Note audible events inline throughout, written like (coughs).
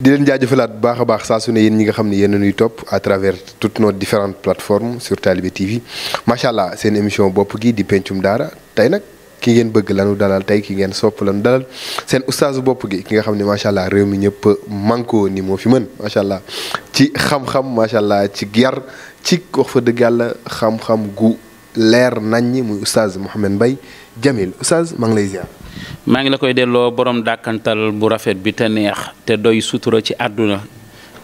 di leen jaajëfalaat bu baax a baax saasu su ne yéen ñi nga xam ne yéen ñuy topp à travers toutes nos différentes plateformes sur Talibé TV macha allah seen émission bopp gi di pencum daara tey nag ki ngeen bëgg lanu dalal tey ki ngeen sopp lanu dalal seen ustaasu bopp gi ki nga xam ne macha allah réew mi ñëpp manko ni moo fi mën macha allah ci xam-xam macha allah ci yar ci wax fa dëgg yàlla xam-xam gu leer naññ muy ustaaz Mouhamed mbay Jamil ustaaz maa lay ziar. maa ngi la koy delloo borom dàkkantal bu rafet bi te neex te doy sutura ci àdduna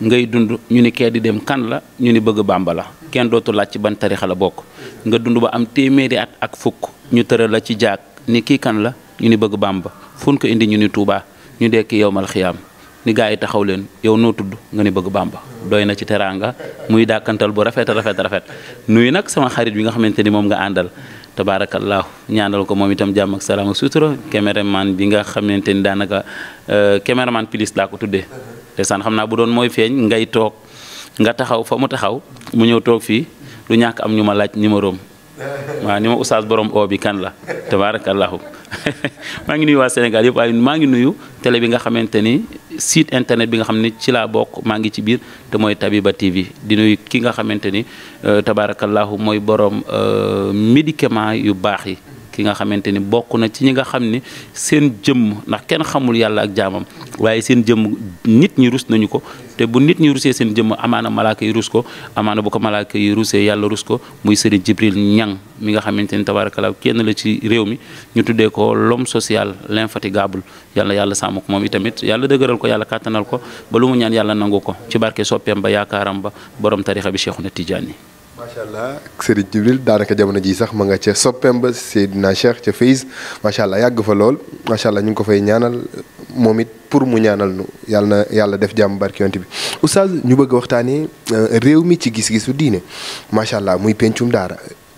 ngay dund ñu ni kee di dem kan la ñu ni bëgg bàmba la kenn dootu laaj ci ban tarixa la bokk nga dund ba am téeméeri at ak fukk ñu tëral la ci jaag ni kii kan la ñu ni bëgg bàmba fun ko indi ñu ni tuubaa ñu dekki yowmal xiyaam ni gaa yi taxaw leen yow noo tudd nga ni bëgg bàmba doy na ci teraanga muy dàkkantal bu rafet rafet rafet nuyu nag sama xarit bi nga xamante ni moom nga àndal tabaarakallaahu ñaanal ko moom itam jàmm ak salaam ak sutura caméraman bi nga xamante ni daanaka euh, caméraman pilis laa ko tuddee ndeysaan xam naa bu doon mooy feeñ ngay toog nga taxaw fa mu taxaw mu ñëw toog fii lu ñàkk am ñu ma laaj numéro am (laughs) waaw ni ma oustaz borom bi kan la tabaarakallaahu (laughs) maa ngi nuyu waa Sénégal yëpp waaye maa ngi nuyu télé bi nga xamante ni site internet bi nga xam ne ci laa bokk maa ngi ci biir te mooy Tabiba TV di nuyu ki nga xamante ni euh, tabaarakallahu mooy borom euh, médicament yu baax yi. ki nga xamante ni bokk na ci ñi nga xam ni seen jëmm ndax kenn xamul yàlla ak jaamam waaye seen jëmm nit ñi rus nañu ko te bu nit ñi rusee seen jëmm amaana malaaka yi rus ko amaana bu ko malaaka yi rusee yàlla rus ko muy seri Jibril Ñang mi nga xamante ni tabaarakallaa kenn la ci réew mi ñu tuddee ko l'homme social l'infatigable yàlla yàlla sàmm ko moom itamit yàlla dëgëral ko yàlla kàttanal ko ba lu mu ñaan yàlla nangu ko ci barke soppeem ba yaakaaram ba borom tarixa bi Cheikhuna Tidiane macha allah Serigne Jibril daanaka jamono ji sax ma nga ca soppeem ba Seydina Cheikh ca Fayz macha allah yàgg fa lool macha allah ñu ngi ko fay ñaanal moom it pour mu ñaanal nu yàlla na yàlla def jàmm barki bi oustaz ñu bëgg waxtaanee euh, réew mi ci gis-gisu diine macha allah muy pencum daara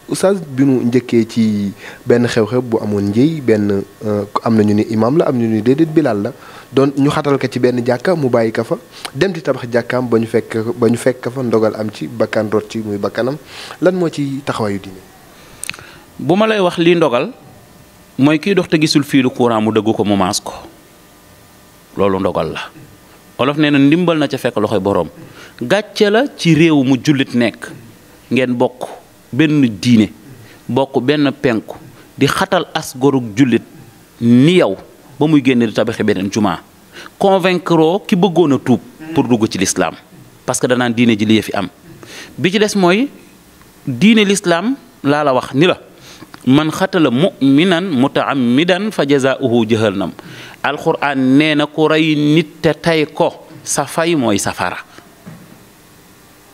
oustaz bi nu njëkkee ci benn xew-xew bu amoon njëy benn euh, am na ñu ne imaam la am na ñu ne déedéet bilaal la. don ñu xatal ko ci benn jakka mu bayyi ka fa dem di tabax jakkam bañu fekk bañu ñu fekk fa ndogal am ci bakkan rot ci muy bakkanam lan mo ci taxawayu diine buma lay wax li ndogal moy ki dox te gisul lu courant mu deggu ko mu mas ko lolu ndogal la olof neena ndimbal na ca fekk loxoy borom gatcha la ci rew mu julit nek ngeen bokk benn diine bokk benn penku di xatal as goruk julit ni yow ba muy génne di tabaxi beneen jumaa convaincre ki bëggoon a tuub pour dugg ci lislaam parce que danaan diine ji li fi am bi ci des mooy diine lislaam laa la wax ni la man xatala muminan mutaamidan fa jazaauhu jahannam alquran nee na ku rey nit te tey ko sa fay mooy safara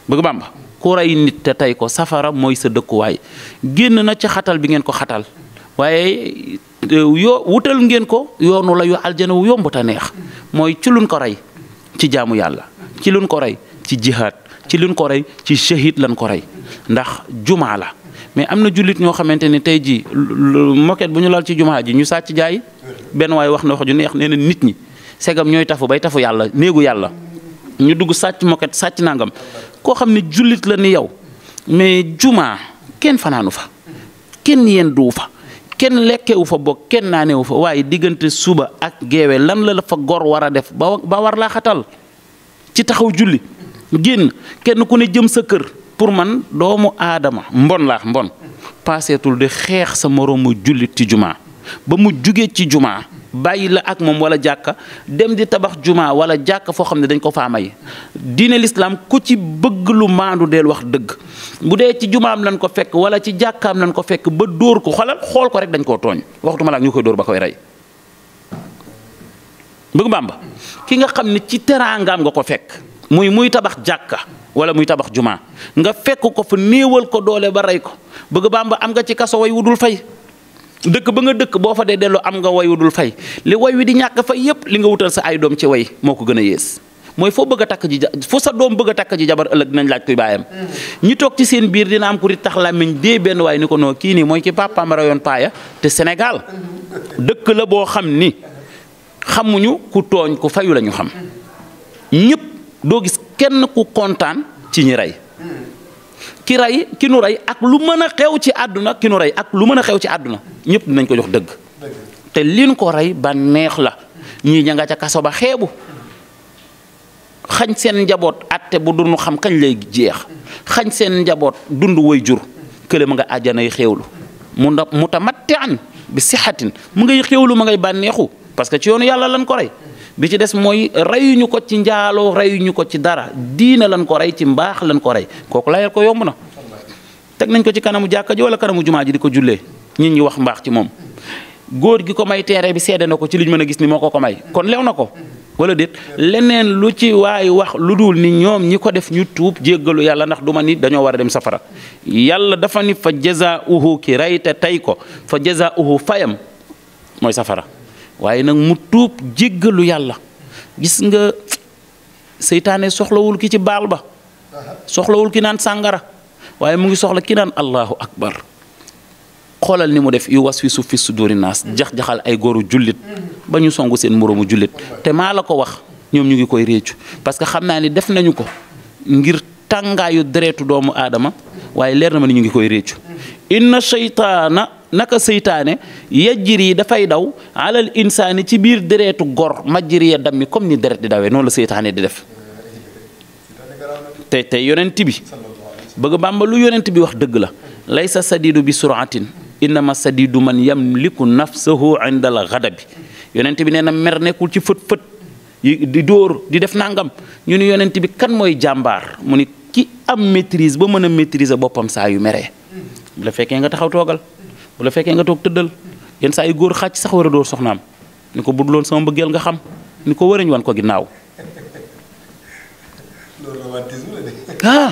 bëgg bàmba ku nit te tey ko safara mooy sa dëkkuwaay génn na ci xatal bi ngeen ko xatal waaye Euh, yoo wutal ngeen ko yoonu lay yu aljana wu yomb ta neex mooy ci luñ ko rey ci jaamu yàlla ci luñ ko rey ci jihaad ci luñ ko rey ci shahid lañ ko rey ndax jumaa la mais am na jullit ñoo xamante ne tey jii moket bu ñu laal ci jumaa ji ñu sàcc jaay benn waaye wax na wax ju neex nee na nit ñi segam ñooy tafu bay tafu yàlla néegu yàlla ñu dugg sàcc moket sàcc nangam koo xam ne jullit la ni yow mais jumaa kenn fanaanu fa kenn yendu fa kenn lekkewu fa bokk kenn naanewu fa waaye diggante suba ak geewe lan la la fa gor war a def ba ba war laa xatal ci taxaw julli génn kenn ku ne jëm sa kër pour man doomu aadama mbon laa mbon paaseetul di xeex sa moroomu jullit ci jumaa ba mu jugee ci jumaa bàyyi la ak moom wala jàkka dem di tabax jumaa wala jàkka foo xam ne dañ ko faa may diine lislaam ku ci bëgg lu maandu deel wax dëgg bu dee ci jumaam lañ ko fekk wala ci jàkkaam lañ ko fekk ba dóor ko xolal xool ko rek dañ koo tooñ waxtuma laak ñu koy dóor ba koy rey bëgg Bàmba ki nga xam ne ci teraangaam nga ko fekk muy muy tabax jàkka wala muy tabax jumaa nga fekk ko fa néewal ko doole ba rey ko bëgg Bàmba am nga ci kaso way wudul fay dëkk ba nga dëkk boo fa dee delloo am nga wayu dul fay li way wi di ñàkk fay yépp li nga wutal sa ay doom ci way moo ko gën a yées mooy foo bëgg a takk ji foo sa doom bëgg a takk ji jabar ëllëg nañ laaj kuy baayam mm. ñi toog ci seen biir dina am ku di tax làmmiñ dee benn waay ni ko noo kii nii mooy ki papaam rayoon paaya te Sénégal mm-hmm. dëkk la boo xam ni xamuñu ku tooñ ku fayu lañu xam mm. ñëpp doo gis kenn ku kontaan ci ñi rey ki rey ki nu rey ak lu mën a xew ci àdduna ki nu ak lu mën a xew ci àdduna ñëpp dinañ ko jox dëgg te liñ ko rey ba neex la ñii ña nga ca kaso ba xeebu xañ seen njaboot atte bu dunu xam kañ lay jeex xañ seen njaboot dund way jur kële ma nga àjjanay xewlu mu ndax mu tamattaan bi sixatin mu ngay xéewlu ma ngay bànneexu parce que ci yoonu yàlla lan ko rey bi ci des mooy reyuñu ko ci njaaloo reyuñu ko ci dara diina lan ko rey ci mbaax lan ko rey kooku layal ko yomb na teg nañ ko ci kanamu jàkka ji wala kanamu jumaa ji di ko jullee nit ñi wax mbaax ci moom góor gi ko may teere bi seede na ko ci liñ mën a gis ni moo ko ko may kon lew na ko wala déet leneen lu ci waaye wax lu dul ni ñoom ñi ko def ñu tuub jéggalu yàlla ndax du ma ni dañoo war a dem safara yàlla dafa ni fa jaza uhu ki rey te tey ko fa jaza uhu fayam mooy safara waaye nag mu tuub jéggalu yàlla gis nga seytaane soxlawul ki ci baal ba soxlawul ki naan sàngara waaye mu ngi soxla ki naan allahu akbar xoolal ni mu def yu was su suuf fi suduri naas jax-jaxal ay góoru jullit ba ñu songu seen moroomu jullit te maa la ko wax ñoom ñu ngi koy réccu parce que xam naa ni def nañu ko ngir tàngaayu deretu doomu aadama waaye leer na ma ni ñu ngi koy réccu inna shaytaana naka seytaane yi dafay daw alal insaani ci biir deretu gor majjiri ya dammi comme ni deret di dawee noonu la seytaane di def tey tey yonent bi bëgg bàmba lu yonent bi wax dëgg la lay sa sadidu bi suratin innama sadidu man yamliku nafsahu inda al ghadabi yonent bi nee na mer nekkul ci fët fët di dóor di def nangam ñu ni yonent bi kan mooy jàmbaar mu ni ki am maîtrise ba mën a maîtriser boppam saa yu meree la fekkee nga taxaw toogal bu la fekkee nga toog tëddal yenn saa ay góor xàcc sax war a dóor soxnaam ni ko budul woon sama mbëggeel nga xam ni ko wërañ wan ko ginnaaw. ah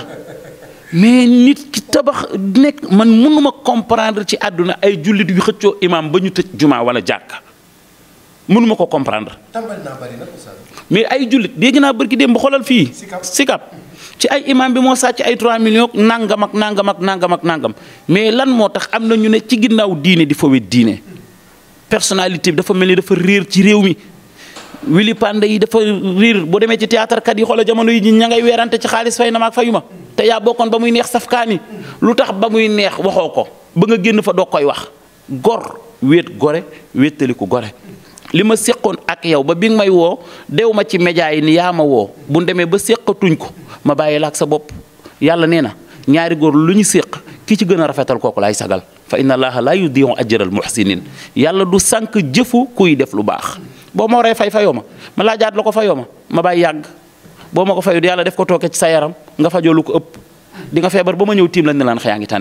mais nit ki tabax nekk man mënuma comprendre ci àdduna ay jullit yu xëccoo imaam ba ñu tëj jumaa wala jàkka mënuma ko comprendre. mais ay jullit dégg naa bërki démb xoolal fii. sikap ci ay imam bi mo sàcc ay 3 millions nangam ak nangam ak nangam ak nangam mais lan motax amna ñu ne ci ginnaw diine di fowee diine personnalité bi dafa melni dafa rir ci réew mi Willy Pandé yi dafa rir bo démé ci théâtre kat yi xoola jamono yi ñi ngay ci fay na fayuma té ya bokon ba muy neex safkani lutax ba muy neex waxoko ba nga genn fa dokoy wax gor wéet gore wéetaliku gore li ma séqoon ak yow ba bi nga may wo dew ma ci média yi ni yaa ma bu ndeme ba sekkatuñ ko ma bàyyi la sa bopp yàlla nee na ñaari góor lu ñu séq ki ci gën a rafetal kooku laay sagal fa inna allaha la yudiu ajral muhsinin yàlla du sànq jëfu kuy def lu baax boo ma waree fay fayoo ma ma laajaat la ko fayoo ma ma bàyyi yàgg boo ma ko fayut yàlla ko tooke ci sa yaram nga fajoo ko ëpp di nga feebar ma ñëw tiim la ne laan xëyaa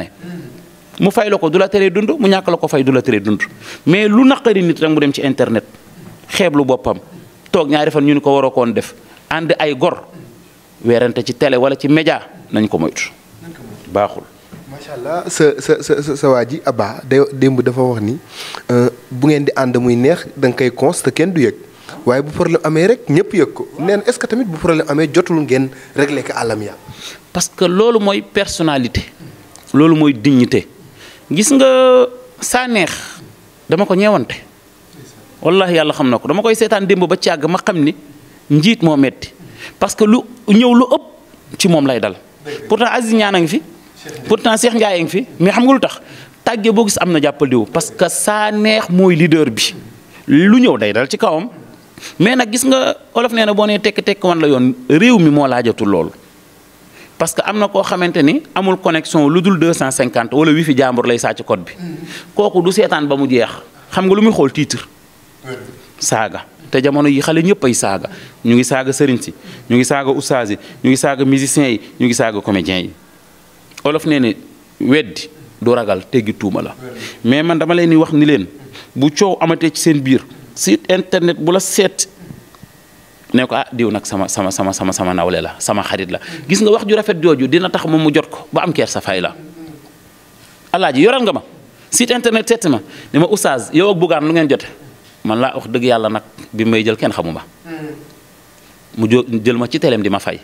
mu fay la ko du la teree dund mu ñàkk la ko fay du la teree dund mais lu naqari nit rek mu dem ci internet xeeblu boppam toog ñaari fan ñu ko waroo koon def ànd ay gor weerante ci télé wala ci média nañ ko moytu baaxul macha allah sa sa sa sa waa ji abba day démb dafa wax ni euh, bu ngeen di ànd muy neex da nga koy cons te kenn du yëg waaye bu problème amee rek ñëpp yëg ko nee na est ce que tamit bu problème amee jotul ngeen régler ko àllam ya parce que loolu mooy personnalité loolu mooy dignité gis nga saa neex dama ko ñeewante wallahi yàlla xam ko dama koy ba ma ni njiit metti parce que lu ñew lu upp ci mom lay dal pourtant Aziz ñaan a fi pourtant Cheikh Ndiaye fi mais xam nga lutax tagge bo gis am parce que sa neex moy leader bi lu ñew day dal ci kawam mais nak gis nga wan la mi la parce que amul connexion lu 250 wala wifi jambour lay sacc code bi mm. du setan ba mu jeex xam nga titre te jamono yi xale ñëpp ay saaga ñu ngi saaga sëriñ si ñu ngi saaga ustaas ñu ngi saaga musiciens yi ñu ngi saaga comédiens yi olof nee ne weddi du ragal teggi tuuma la mais man dama leen di wax ni leen bu coow amatee ci seen biir site internet bu la seet ne ko ah diw nag sama sama sama sama sama nawle la sama xarit la gis nga wax ju rafet jooju dina tax moom mu jot ko ba am ker sa fay la alaaji yoral nga ma site internet seet ma ne ma ustaas yow ak bugaan lu ngeen jote man laa wax dëgg yàlla nag bi may jël kenn xamuma mu jo jël ma ci teleem di ma fay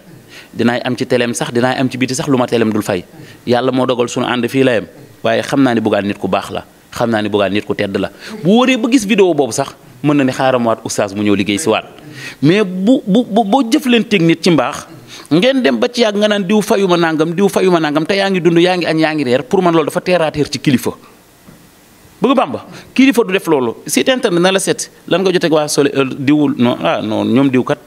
dinaay am ci teleem sax dinaay am ci biti sax lu ma teleem dul fay yàlla moo dogal suñu ànd fii layam waaye xam naa ni buggaan nit ku baax la xam naa ni buggaan nit ku tedd la bu wóoree ba gis vidéo boobu sax mën na ni xaaram waat oustaz mu ñëw liggéey si waat mais bu bu boo jëf jëflanteeg nit ci mbaax ngeen dem ba ci yàgg nga naan diw fayu ma nangam diw fayu ma nangam te yaa ngi dund yaa ngi añ pour man dafa teeraateer ci bëgg bàmba kilifa du def loolu site internet na la seet lan nga jote waa sole euh, diwul non ah ñoom diw kat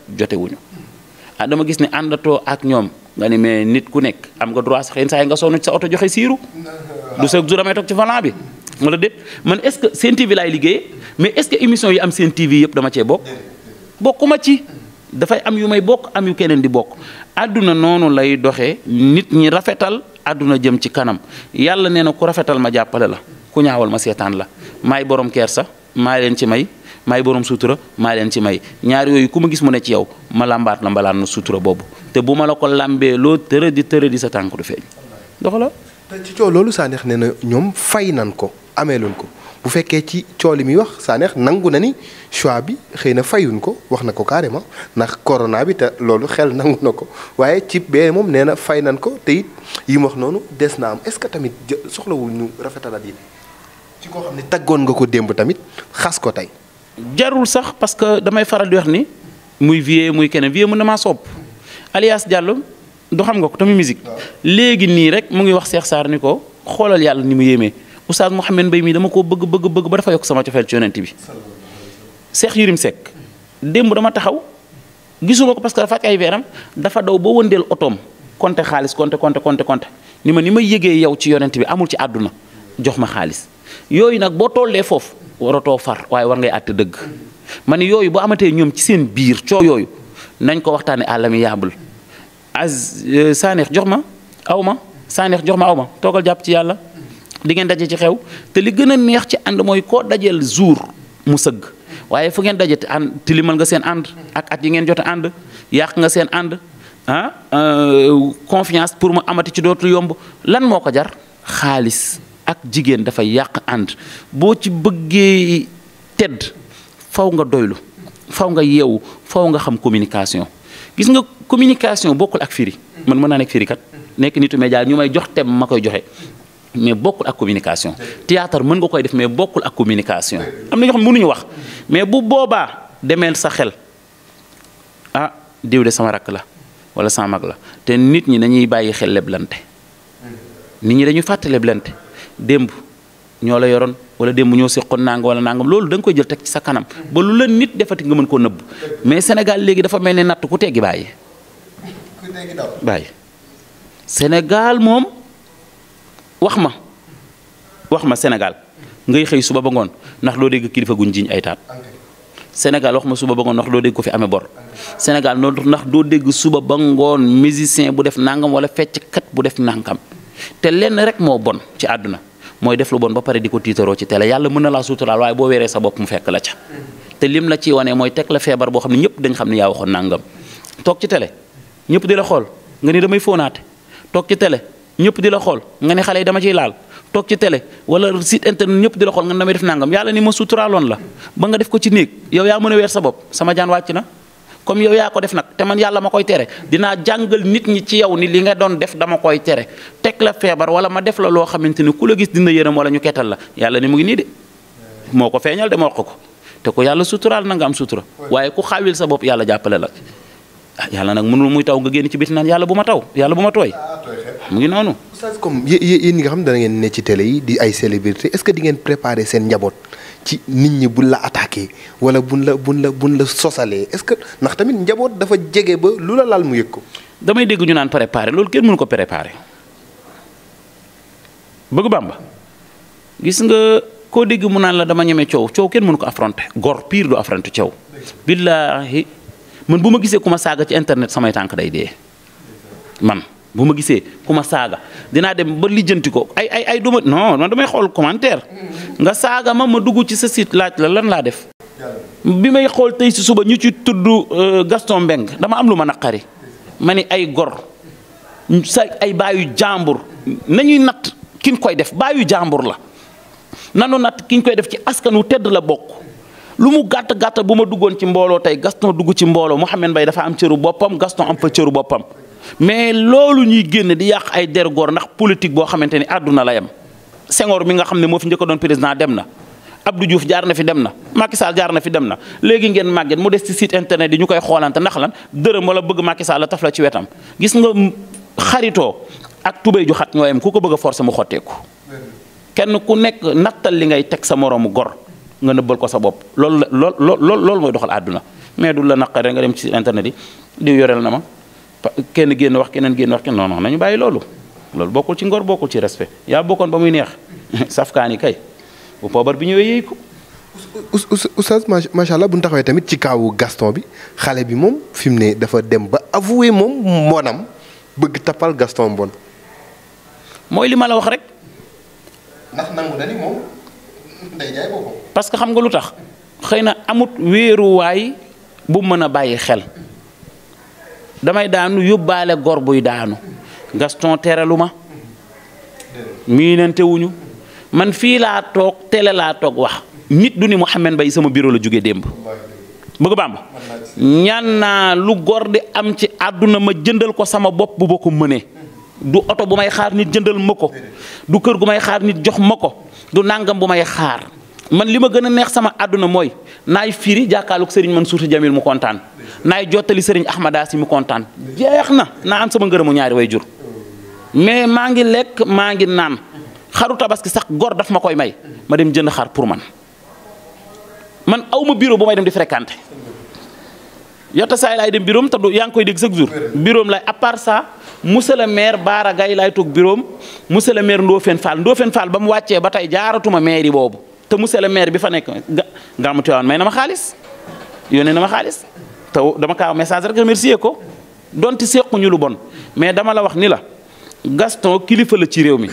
ah, dama gis ne àndatoo ak ñoom nga ni mais nit ku nekk am nga droit sax yenn saa yi nga sonn oto joxe siiru du sa du damay bi wala déet man est-ce que seen TV laay mais est-ce que émission yi am seen TV yëpp bokk bokkuma ci dafay am yu may bokk am keneen di bokk àdduna noonu lay doxee nit ñi rafetal àdduna jëm ci kanam yàlla nee na ku rafetal ma jàppale la ku ñaawal ma seetaan la maay borom sax maa leen ci may maay borom sutura maa leen ci may ñaari yooyu ku ma gis mu ne ci yow ma làmbaat la mbalaan sutura boobu te bu ma la ko làmbee loo tëra di di sa tànk du feeñ dox la ci loolu Sanekh ne na ñoom fay nan ko ameeluñ ko bu fekkee ci coow li muy wax Sanekh nangu na ni choix bi xëy na fayuñ ko wax na ko carrément ndax corona bi te loolu xel nangu na ko waaye ci bee moom nee na fay nan ko te it mu wax noonu des na am est-ce que tamit soxlawul ñu rafetalaat yi ci koo xam ne taggoon nga ko démb tamit xas ko tey. jarul sax parce que damay faral di wax ni muy vieux muy keneen vieux mën na maa sopp alias Diallo du xam nga ko tamit musique léegi nii rek mu ngi wax seex Sarr ni ko xoolal yàlla ni mu yéemee Oustaz Mouhamed Mbaye mii dama ko bëgg bëgg bëgg ba dafa yokk sama cofeel ci yonent bi. Cheikh Yérim Seck démb dama taxaw gisuma ko parce que dafa ay veeram dafa daw ba wëndeel otoom konte xaalis compter compter compter ni ma ni ma yéegee yow ci yonent bi amul ci àdduna jox ma xaalis. yooyu nag boo tollee foofu waratoo far waaye war ngay àtte dëgg ma ne yooyu boo amatee ñoom ci seen biir coo yooyu nañ ko waxtaane à l'amiable az euh, saaneex jox ma aw ma saaneex jox ma aw ma toogal jàpp ci yàlla di ngeen daje ci xew te li gën a neex ci ànd mooy koo dajeel jour mu sëgg waaye fu ngeen daje te ànd tilimal nga seen ànd ak at yi ngeen jot a ànd yàq nga seen ànd ah euh, confiance pour mu amati ci dootul yomb lan moo ko jar xaalis ak jigéen dafa yàq ànd boo ci bëggee tedd faw nga doylu faw nga yeewu faw nga xam communication gis nga communication bokkul ak firi man mën naa nekk firi kat nekk nit média ñu may jox tem ma koy joxe mais bokkul ak communication théâtre mën nga koy def mais bokkul ak communication am na ñoo xam wax mais bu boobaa demeel sa xel ah diw de sama la wala sama la te nit ñi dañuy bàyyi xel leblante nit ñi dañuy fàtte leblante démb ñoo la yoroon wala démb ñoo seqoon nangam wala nangam loolu da nga koy jël teg ci sa kanam ba lu la nit defati nga mën koo nëbb mais Sénégal léegi dafa mel ne natt ku teggi bàyyi bàyyi Sénégal moom wax ma wax ma Sénégal ngay xëy suba ba ngoon ndax doo dégg kilifa guñ jiñ ay taat Sénégal wax ma suba ba ngoon ndax doo dégg ko fi amee bor Sénégal noonu ndax doo dégg suba ba ngoon musicien bu def nangam wala kat bu def nangam te lenn rek moo bon ci àdduna mooy def lu bon ba pare di ko tiitaroo ci télé yàlla mën na laa suturaal waaye boo weeree sa bopp mu fekk la ca te lim la ci wane mooy teg la feebar boo xam ne ñëpp dañ xam ne yaa waxoon nangam toog ci télé ñëpp di la xool nga ni damay fóonaate toog ci télé ñëpp di la xool nga ne xale yi dama ciy laal toog ci tele wala site internet ñëpp di la xool nga ne damay def nangam yàlla ni ma suturaaloon la ba nga def ko ci néeg yow yaa mën a weer sa bopp sama jaan wàcc na comme yow yaa ko def nag te man yàlla ma koy tere dinaa jàngal nit ñi ci yow ni li nga doon def dama koy tere teg la feebar wala ma def la loo xamante ni ku la gis dina yërëm wala ñu kettal la yàlla ni mu ngi nii de moo ko feeñal de moo ko te ko yàlla sutural na nga am sutura waaye ku xawil sa bop yàlla jàppale la ah yàlla nag mënul muy taw nga génn ci biti naan yàlla bu ma taw yàlla bu ma tooy mu ngi noonu. comme yéen ñi nga xam da dana ngeen ne ci télé yi di ay célébrité est-ce que di ngeen préparer sen njabot ci nit ñi buñ la attaqué wala bu la buñ la buñ la sosalee est-ce que ndax tamit njaboot dafa jege ba lu la laal mu yëg ko. damay dégg ñu naan préparé loolu kenn mënu ko préparé bëgg Bàmba gis nga koo dégg mu naan la dama ñeme coow coow kenn mënu ko affronté gor pire du affronté coow. billaahi man bu ma gisee ku ma saaga ci internet samay tànk day dee man. bu ma gisee ku ma saaga dinaa dem ba lijjanti ko ay ay ay du ma non damay xool commentaire nga saaga ma ma dugg ci sa site laaj la lan laa def. bi may xool tey si suba ñu ci tudd euh, Gaston mbeng dama am lu ma naqari. ma ni ay gor sa ay baayu jàmbur nañuy natt ki ñu koy def baayu jàmbur la nanu natt ki ñu koy def ci askan wu tedd la bokk. lu mu gàtt gàtt bu ma duggoon ci mbooloo tey Gaston dugg ci mbooloo Mouhamed Mbaye dafa am cëru boppam Gaston am fa cëru boppam. mais loolu ñuy génn di yàq ay der gor nak politique bo xamanteni aduna la yam Senghor mi nga xamne mo fi ñëk doon président dem na Abdou Diouf jaar na fi dem na Macky Sall jaar na fi dem na legi ngeen màgget mu dess ci site internet di ñukay xolante nak lan deureum wala bëgg Macky Sall la taf la ci wétam gis nga xarito ak toubay ju xat ñoyam kuko ku bëgg forcer mu xotteeku kenn ku nekk natal li ngay tek sa morom gor nga neubal ko sa lol lol lol lol lol loolu doxal aduna mais du la naqare nga dem ci internet di, di yorel na ma kenn génn wax keneen génn wax kenn non non nañu bàyyi loolu loolu bokkul ci ngor bokkul ci respect yaa bokkoon ba neex (laughs) safkaani kay bi ñëwee yéey bu ñu taxawee tamit ci kaawu Gaston bi xale bi moom fi mu ne dafa dem ba avoué moom bëgg tappal Gaston mbon. mooy li ma la wax parce que xam nga lu tax xëy na amut weeruwaay bu mën a bàyyi xel. damay daanu yóbbaale gor buy daanu Gaston teralu ma miinante man fii laa toog télé laa toog wax nit du ni mu Mouhamed bay sama bureau la jóge démb bëgg bàmb ñaan naa lu gor di am ci àdduna ma jëndal ko sama bopp bu ba ko mënee du oto bu may xaar nit jëndal ma ko du kër gu may xaar nit jox ma ko du nàngam bu may xaar man li ma gën a neex sama àdduna mooy naay firi jàkkaarloog Serigne Mansour Sy Djamil mu kontaan naay jottali Serigne Ahmada Sy mu kontaan jeex na na am sama ngërëm ñaari way jur mais maa ngi lekk maa ngi naan xaru tabaski sax gor daf ma koy may ma dem jënd xar pour man man aw ma bureau bu may dem di fréquenter yotta saa yi laay dem bureau am te yaa ngi koy deg chaque jour. bureau am lay à part ça monsieur le maire Baara Gaye laay toog bureau am monsieur le maire Ndofène Fall ndoofeen Fall ba mu wàccee ba tey jaaratuma mairie boobu. te monsieur le maire bi fa nek gamu Tiwaawan may na ma khalis yone na ma khalis te dama ka message rek remercier ko donte ñu lu bon mais dama la wax ni la Gaston kilifa la ci rew mi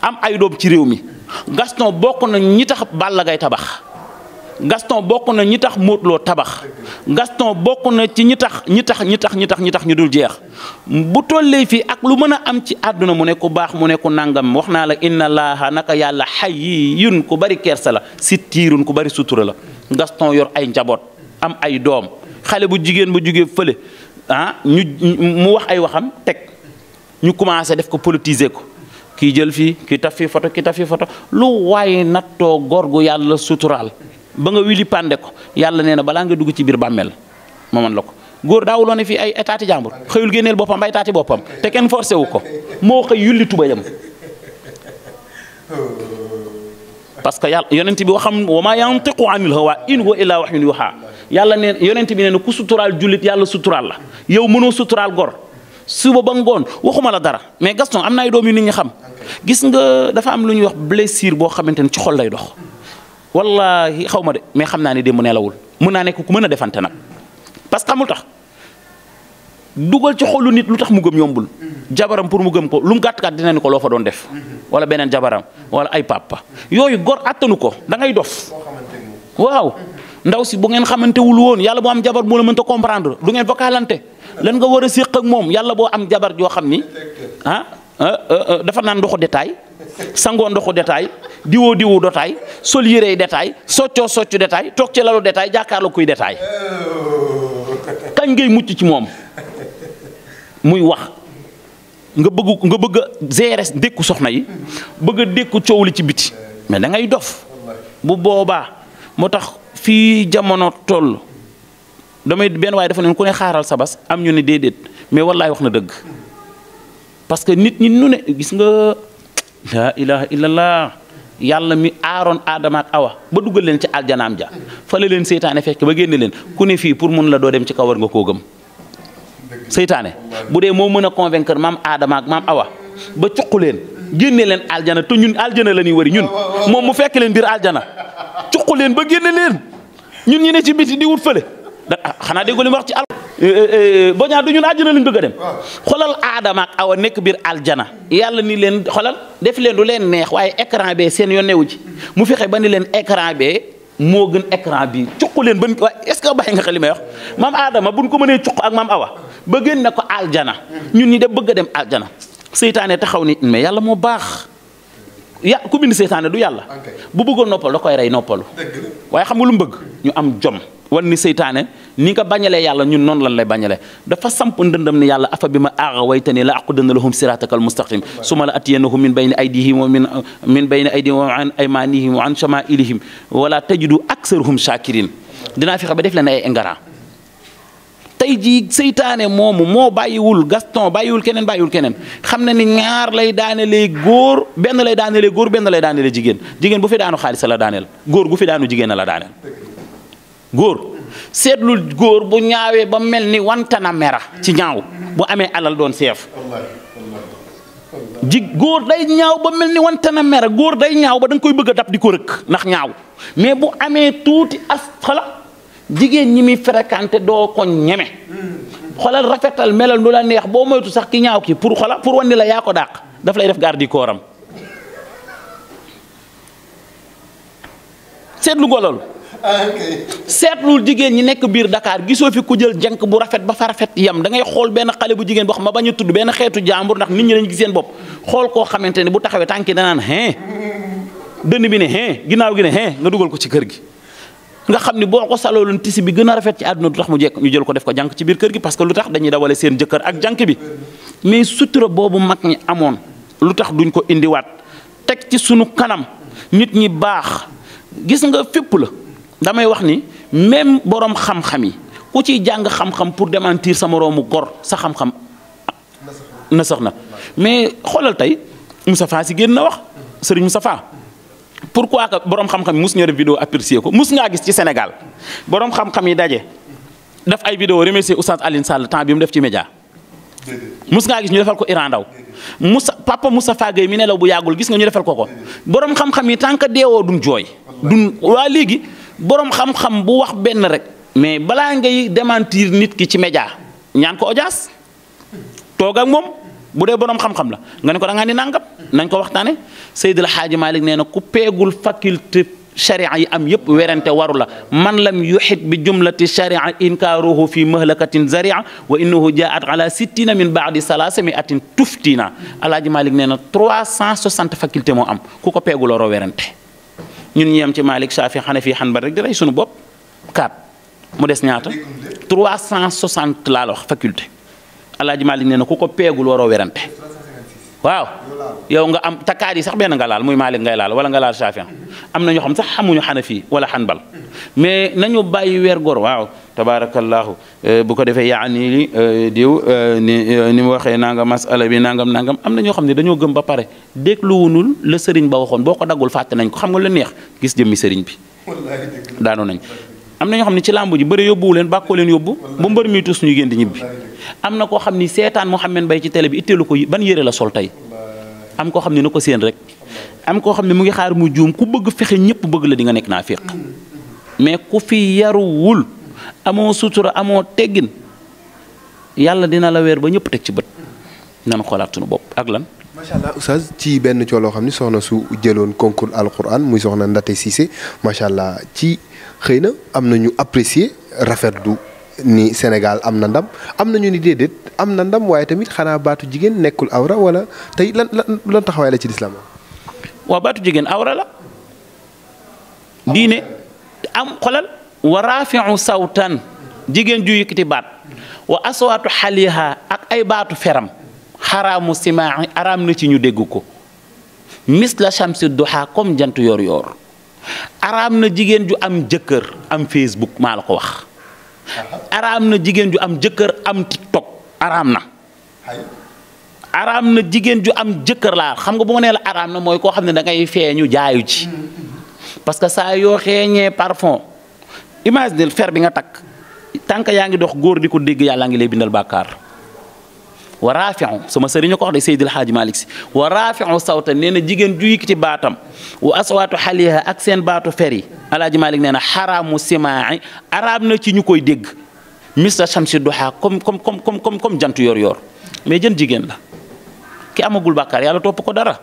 am ay doom ci rew mi Gaston bokku na ñi tax Balla gay tabax. Gaston bokk na ñi tax Modou Lo tabax Gaston bokk na ci ñi tax ñi tax ñi tax ñi tax ñi tax ñu dul jeex bu tollee fii ak lu mën a am ci àdduna mu ne ku baax mu ne ku nangam wax naa la inna laaha naka yàlla hayyun ku bari kersa la sittiirun ku bari sutura la Gaston yor ay njaboot am ay doom xale bu jigéen bu jugee fële ah ñu mu wax ay waxam teg ñu commencé def ko politiser ko kii jël fii kii taf fii photo kii taf fii photo lu waaye nattoo góor gu yàlla suturaal ba nga wili ko yàlla nee na balaa nga dugg ci biir bàmmeel ma mën la ko góor daawuloo ne fii ay étaati jàmbur xëyul génneel boppam bay taati boppam te kenn forcé wu ko moo xëy yulli tubayam parce que yàlla yonent bi waxam wa maa yantiqu anil hawa in huwa illaa wahyun yuuhaa yàlla neen yonent bi nee na ku suturaal jullit yàlla suturaal la yow mënoo suturaal gor suba ba ngoon waxuma la dara mais Gaston am na ay doom yu nit ñi xam gis nga dafa am lu ñuy wax blessure boo xamante ne ci xol lay dox wallaahi xaw ma de mais xam naa ne démb nelawul mun naa nekk ku mën a defante nag parce que xamul tax dugal ci xolu nit lu tax mu gëm yombul. jabaram pour mu gëm ko lu mu gàtt gàtt dina ni ko loo fa doon def. wala beneen jabaram wala ay papa yooyu gor àttanu ko da ngay dof. waaw ndaw si bu ngeen xamante wul woon yàlla boo am jabar moo la mënta comprendre du ngeen vocalante lan nga war a séq ak moom yàlla boo am jabar joo xam ni ah, ah, ah dafa naan ndoxu détail. sangoo ndoxu détail diwoo diwu détail sol yérey détail soccoo soccu détail toog ci lalu détail jàkkaarloo kuy détail kañ ngay mucc ci moom muy wax nga bëgg nga bëgg a gérer dékku soxna yi bëgg a dékku coow li ci biti mais da ngay dof bu boobaa moo tax fii jamono toll damay benn waaye dafa ne ku ne xaaral sa bas am ñu ne déedéet mais wallaay wax na dëgg parce nit ñi nu ne gis nga. laa ilaha illallah yàlla mi aaroon aadama awa ba duggal leen ci aljanaam ja fa la leen seytaane fekk ba génne leen ku ne fii pour mun la doo dem ci kaw war koo gëm seytaane bu dee moom mën a convaincre mam aadama ak awa ba cuq leen génne leen aljana te ñun aljana la ñuy wari ñun moom mu fekk leen biir aljana cuq leen ba génne leen ñun ñu ne ci biti di wut fële Ah, xanaa déggoo li mu wax ci al euh, euh, euh, boñaa du ñun àjjana lañ bëgg a dem xolal aadama ak awa nekk biir aljana yàlla ni leen xolal def leen du leen neex waaye écran bee seen yoon newu ci mu fexe ba ni leen écran bee moo gën écran bi cuq leen ban waaye est ce que bàyyi nga xel li may wax maam aadama buñ ko mënee cuq ak maam awa ba génne ko aljana ñun ñi de bëgg a dem aljana seytaane taxaw ni mais yàlla moo baax ya ku bind seytaane du yàlla bu bëggoon noppal da koy rey noppalu waaye xam nga lu bëgg ñu am jom wani ni ni nga bañalee yàlla ñun non lan lay bañalee dafa samp ndëndëm ni yàlla afa bima ma waytani la aqudanna lahum siratakal mustaqim suma la atiyannahum min bayni aydihim wa min min bayni aydihim wa an aymanihim wa an shamailihim wala tajidu aksarahum shakirin dina fi xaba def leen ay ngara tay ji seytaane mom mo bayiwul Gaston bayiwul kenen bayiwul kenen xamna ni ñaar lay daanelee góor ben lay daanelee góor ben lay daanelee jigen jigen bu fi daanu khalis la daanel góor gu fi daanu jigen la daanel góor seetlu góor bu ñaawee ba mel ni wantana mera ci ñaaw bu amee alal doon seef ji góor day ñaaw ba mel ni wantana mera góor day ñaaw ba da koy bëgg a dab di ko rëkk ndax ñaaw mais bu amee tuuti as xala jigéen ñi muy fréquenté doo ko ñeme xolal rafetal melal nu la neex boo moytu sax ki ñaaw ki pour xola pour wan ni la yaa dàq daf lay def gaar seetlu goloolu Ah, seetlul jigen ñi nek biir Dakar gisoo fi ku jël jank bu rafet ba fa rafet yam da ngay xol ben xale bu jigen bo xam ma bañu a tudd benn xeetu jaambur ndax nit ñi lañu gis bop xol ko xamanteni bu taxawé bu da tànki danaan hein dënn bi ne hein ginaaw gi ne hein nga duggal ko ci kër gi nga xamni ni boo tisi bi gëna rafet ci aduna mu jek ñu jël ko def ko jank ci biir kër gi parce que lutax dañuy dawalé seen ak jank bi mais sutura bobu mag ñi amon lutax duñ ko wat tek ci sunu kanam nit ñi bax gis nga fepp la damay wax ni même borom xam-xam yi ku ciy jàng xam-xam pour démentir sa moroomu gor sa xam-xam na sax na mais xoolal tey Moustapha si génn na wax Serigne Moustapha pourquoi que borom xam-xam yi mus ñoo def vidéo ko mus gis ci Sénégal borom xam-xam yi daje daf ay vidéo remercier Oustaz Alioune Sall temps bi mu def ci média mus ngaa gis ñu defal ko Iran Ndaw Moussa papa Moustapha Gueye mi law bu yàggul gis nga ñu defal ko ko borom xam-xam yi tant que deewoo duñ jooy duñ waa léegi. borom xam-xam bu wax benn rek mais balaa ngay démentir nit ki ci média ñaan ko audience toog ak moom bu dee boroom xam-xam la nga ne ko da ngaa ni nangam nañ ko waxtaane Seydil Hadji Malick nee na ku peegul faculté sharia yi am yëpp werante waru la man lam yuxit bi jumlati sharia inkaaruhu fi mahlakatin zaria wa innahu jaat ala sittina min baadi salaasa mi atin tuftina Alaaji Malick nee na 360 faculté moo am ku ko peeguloo werante ñun ñi am ci malik shafi Hanafi Hanbal rek di suñu bop kat mu dess ñaata 360 la wax faculté Alaaji malik neena na ku ko peegul waroo werante waaw yow nga am takari sax ben nga laal muy malik ngay laal wala nga laal shafi am na xam sax xamuñu Hanafi wala Hanbal mais nañu bàyyi wér gor waaw tabarakallahu bu ko defee yaa nii li diw ni ni mu waxee nangam masala bi nangam nangam am na ñoo xam ne dañoo gëm ba pare dégluwunul la sëriñ ba waxoon boo ko daggul fàtte nañ ko xam nga la neex gis jëmmi sëriñ bi daanu nañ am na ñoo xam ne ci làmb ji bëri yóbbuwu leen bàkkoo leen yóbbu bu mbër mi tus ñu génn di ñibbi am na koo xam ni seetaan Mouhamed Mbaye ci télé bi itteelu ko ban yére la sol tey am koo xam ne na ko seen rek am koo xam ne mu ngi xaar mu juum ku bëgg fexe ñëpp bëgg la di nga nekk naa féq mais ku fi yaruwul amoo sutura amoo teggin yàlla dina la weer ba ñëpp teg ci bët nan xoolaat suñu bopp ak lan. macha ci benn cooloo xam ni soxna su jëloon concours alquran muy soxna Ndate Cissé macha allah ci xëy na am na ñu rafet du ni Sénégal am na ndam am na ñu ni déedéet am na ndam waaye tamit xanaa baatu jigéen nekkul awra wala tey lan lan lan taxawaay la ci lislaam waaw baatu jigéen awra la. diine am xolal wa raafiu sawtan jigéen ju yëkkati baat wa aswaatu xaliha ak ay baatu feram xaraamu simaai araam na ci ñu déggu ko mis la chamsi duha comme jant yor yor araam na jigéen ju am jëkkër am facebook maa ko wax araam na jigéen ju am jëkkër am tiktok araam na na jigéen ju am jëkkër laa xam nga boo ma nee la araam na mooy koo xam ne da ngay feeñu jaayu ci parce saa yoo xeeñee imagine fer bi nga takk tànk yaa ngi dox góor di ko dégg yàlla ngi lay bindal bàkkaar wa rafiu sama sëriñ ko wax de Seydil Haaji Malick si wa rafiu sawta nee na jigéen ju yëkkati baatam wa aswaatu xaliha ak seen baatu fer yi alaaji Malick nee na xaraamu na ci ñu koy dégg mista Shamsi duha comme comme comme comme comme jant yor yor mais jën jigéen la ki amagul bàkkaar yàlla topp ko dara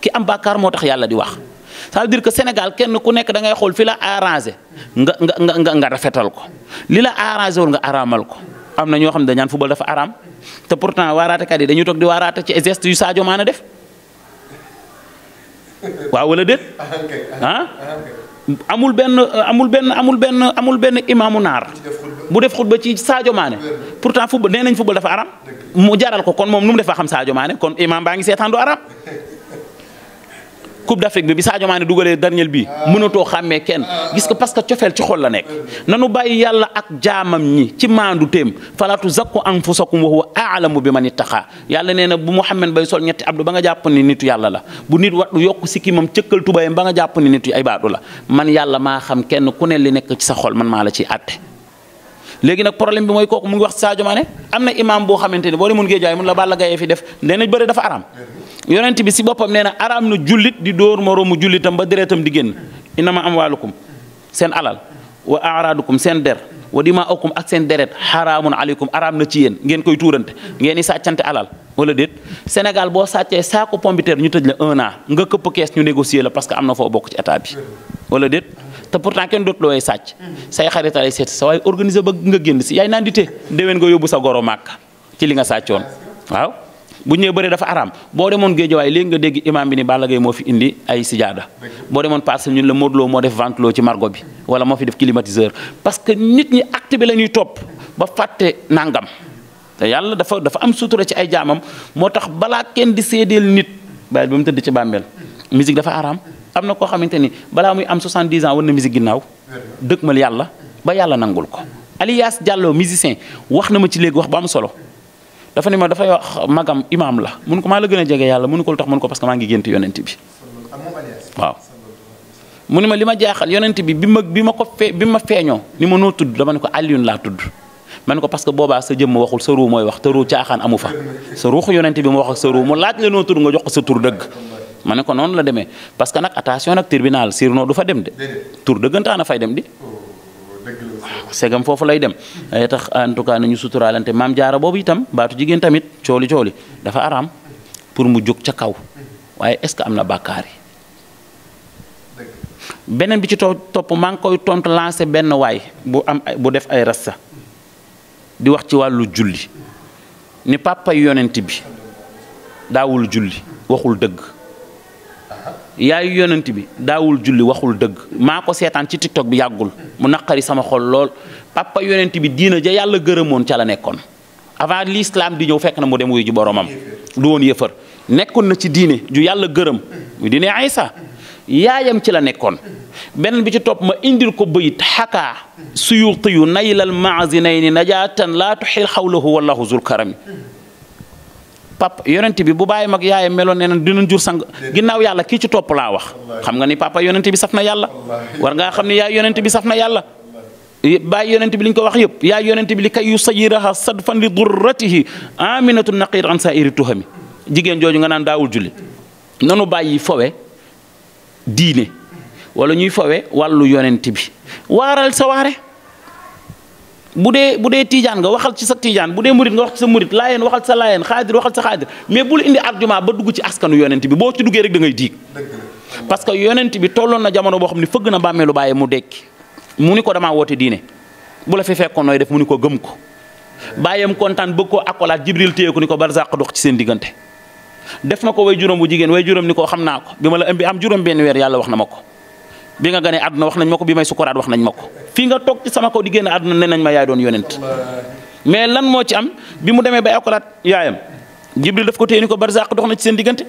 ki am bàkkaar moo tax yàlla di wax ça veut que Sénégal kenn ku nekk dangay xool fi la nga nga nga nga rafetal ko li la arrangé nga araamal ko am na ñoo xam ne dañaan football dafa araam te pourtant waaraatekat yi dañu toog di waaraate ci geste yu Sadio Mané def waaw wala déet ah? amul benn amul benn amul benn amul benn imaamu naar bu def xutba ci Sadio Mané pourtant football nee nañ football dafa araam mu jaral ko kon moom nu mu def ba xam Sadio Mané kon imaam baa ngi seetaan du araam coupe d'Afrique bi bi Sadio Mané dugalee dernier bi mënatoo xàmmee kenn gis ko parce que cofeel ci xol la nekk nanu bàyyi yàlla ak jaamam ñi ci maandu téem falaatu zakku anfusakum wa huwa aalamu bi man ittaqa yàlla nee na bu Mouhamed bay sol ñetti abdu ba nga jàpp ni nitu yàlla la bu nit wattu yokk sikkimam cëkkal tubayam ba nga jàpp ni nitu ay baadu la man yàlla maa xam kenn ku ne li nekk ci sa xol man maa la ciy àtte léegi nag problème bi mooy kooku mu ngi wax Sadio Mané am na imaam boo xamante ne boo demoon Géejawaay mun la Balla Gaye fi def nee na bëre dafa araam yonent bi si boppam nee na araam na jullit di dóor moroomu jullitam ba deretam di génn inama amwaalukum seen alal wa aaraadukum seen der wa dimaakum ak seen deret xaraamun aleykum araam na ci yéen ngeen koy tuurante ngeen di sàccante alal wala déet Sénégal boo sàccee saako pombiteer ñu tëj la un an nga këpp kees ñu négocier la parce que am na bokk ci bi wala déet te pourtant kenn dootu looy sàcc. say xarit a lay seet sa waaye organiser ba nga génn si yaay naan di te déwén nga yóbbu sa goro màkk ci li nga sàccoon waaw. bu ñëwee bëri dafa araam boo demoon géejawaay léegi nga dégg imaam bi ni Balla Gaye moo fi indi ay sijaada boo demoon parcelle ñun la Modou moo def ventilo ci margo bi wala moo fi def climatiseur parce que nit ñi acte bi la ñuy topp ba fàtte nangam te yàlla dafa dafa am sutura ci ay jaamam moo tax balaa kenn di séedeel nit ba mu tëdd ci bàmmeel musique dafa araam xam na koo xamante ni balaa muy am 70 ans war na musique ginnaaw dëkk mal yàlla ba yàlla nangul ko Alias Diallo musicien wax na ma ci léegi wax ba am solo dafa ne ma dafay wax magam imaam la mun ko maa la gën a jege yàlla mënu ko lu tax mun ko parce que maa ngi gént yonent bi waaw mu ne ma li ma jaaxal yonent bi bi ma bi ma ko fee bi ma feeñoo ni ma noo tudd dama ne ko Alioune laa tudd ma ne ko parce que boobaa sa jëmm waxul sa ruu mooy wax te ruu caaxaan amu fa sa ruuxu yonent bi mu wax ak sa ruu mu laaj la ko sa tur dëgg ma ne ko noonu la demee parce que nag attation nag tribunal Cyrno du fa dem de. tur dëggantaan a fay dem di. Oh, segam foofu lay dem. ay eh, tax en tout cas nañu suturaalante maam jaara boobu itam baatu jigéen tamit cooli cooli dafa araam pour mu jóg ca kaw waaye est-ce que am na bàkkaar beneen bi ci topp maa ngi koy tontu lancé benn waay bu am ay bu def ay rasta di wax ci wàllu julli ni papa yonent bi daawul julli waxul dëgg. yaayu yonent bi daawul julli waxul dëgg maa ko seetaan ci tiktok bi yàggul mu naqari sama xol lool papa yonent bi diina ja yàlla gërëmoon ca la nekkoon avant l'islam di ñëw fekk na mu dem wuyu ji boromam du woon yëfër nekkoon na ci diine ju yàlla gërëm mu diine Aysa yaayam ci la nekkoon beneen bi ci topp ma indil ko bëyit xakaa suyuuti yu naylal maazinayni najaatan laa tuxil xawlahu wallahu zulkarami pap yonente bi bu bàyyi mag yaayam meloon nee na dinañ jur sang ginnaaw yàlla kii ci topp laa wax xam nga ni papa yonente bi saf na yàlla war ngaa xam ne yaay yonente bi saf na yàlla bàyyi yonente bi li ko wax yëpp yaay yonente bi li kay yu sayiraha sadfan li durratihi aminatu naqir an sairi tuhami jigéen jooju nga naan daawul julli nanu bàyyi fowe diine wala ñuy fowe wàllu yonente bi waaral sa bu dee bu dee tiijaan nga waxal ci sa tiijaan bu dee murit nga wax ci sa murit laayeen waxal ci sa laayeen xaadir waxal sa xaadir mais bul indi argument ba dugg ci askanu yonent boo ci duggee rek da ngay diig parce que yonent bi tolloon na jamono boo xam ne fëgg na bàmmeelu bàyyi mu dekki mu ni ko damaa woote diine bu la fi fekkoon nooy def mu ni ko gëm ko bàyyam kontaan bëgg koo akolaat jibril téye ko ni ko barzaq dox ci seen diggante def na ko way juróom bu jigéen way juróom ni ko xam ko bi ma la ëmbi am juróom weer yàlla wax na ma ko bi nga gane aduna wax nañ mako bi may sukuraat wax nañ mako fi nga tok ci sama ko di génn àdduna ne nañ ma yaay doon yonent mais lan mo ci am bi mu deme ba akolaat yaayam jibril daf ko téye ko barzakh dox na ci sen diggante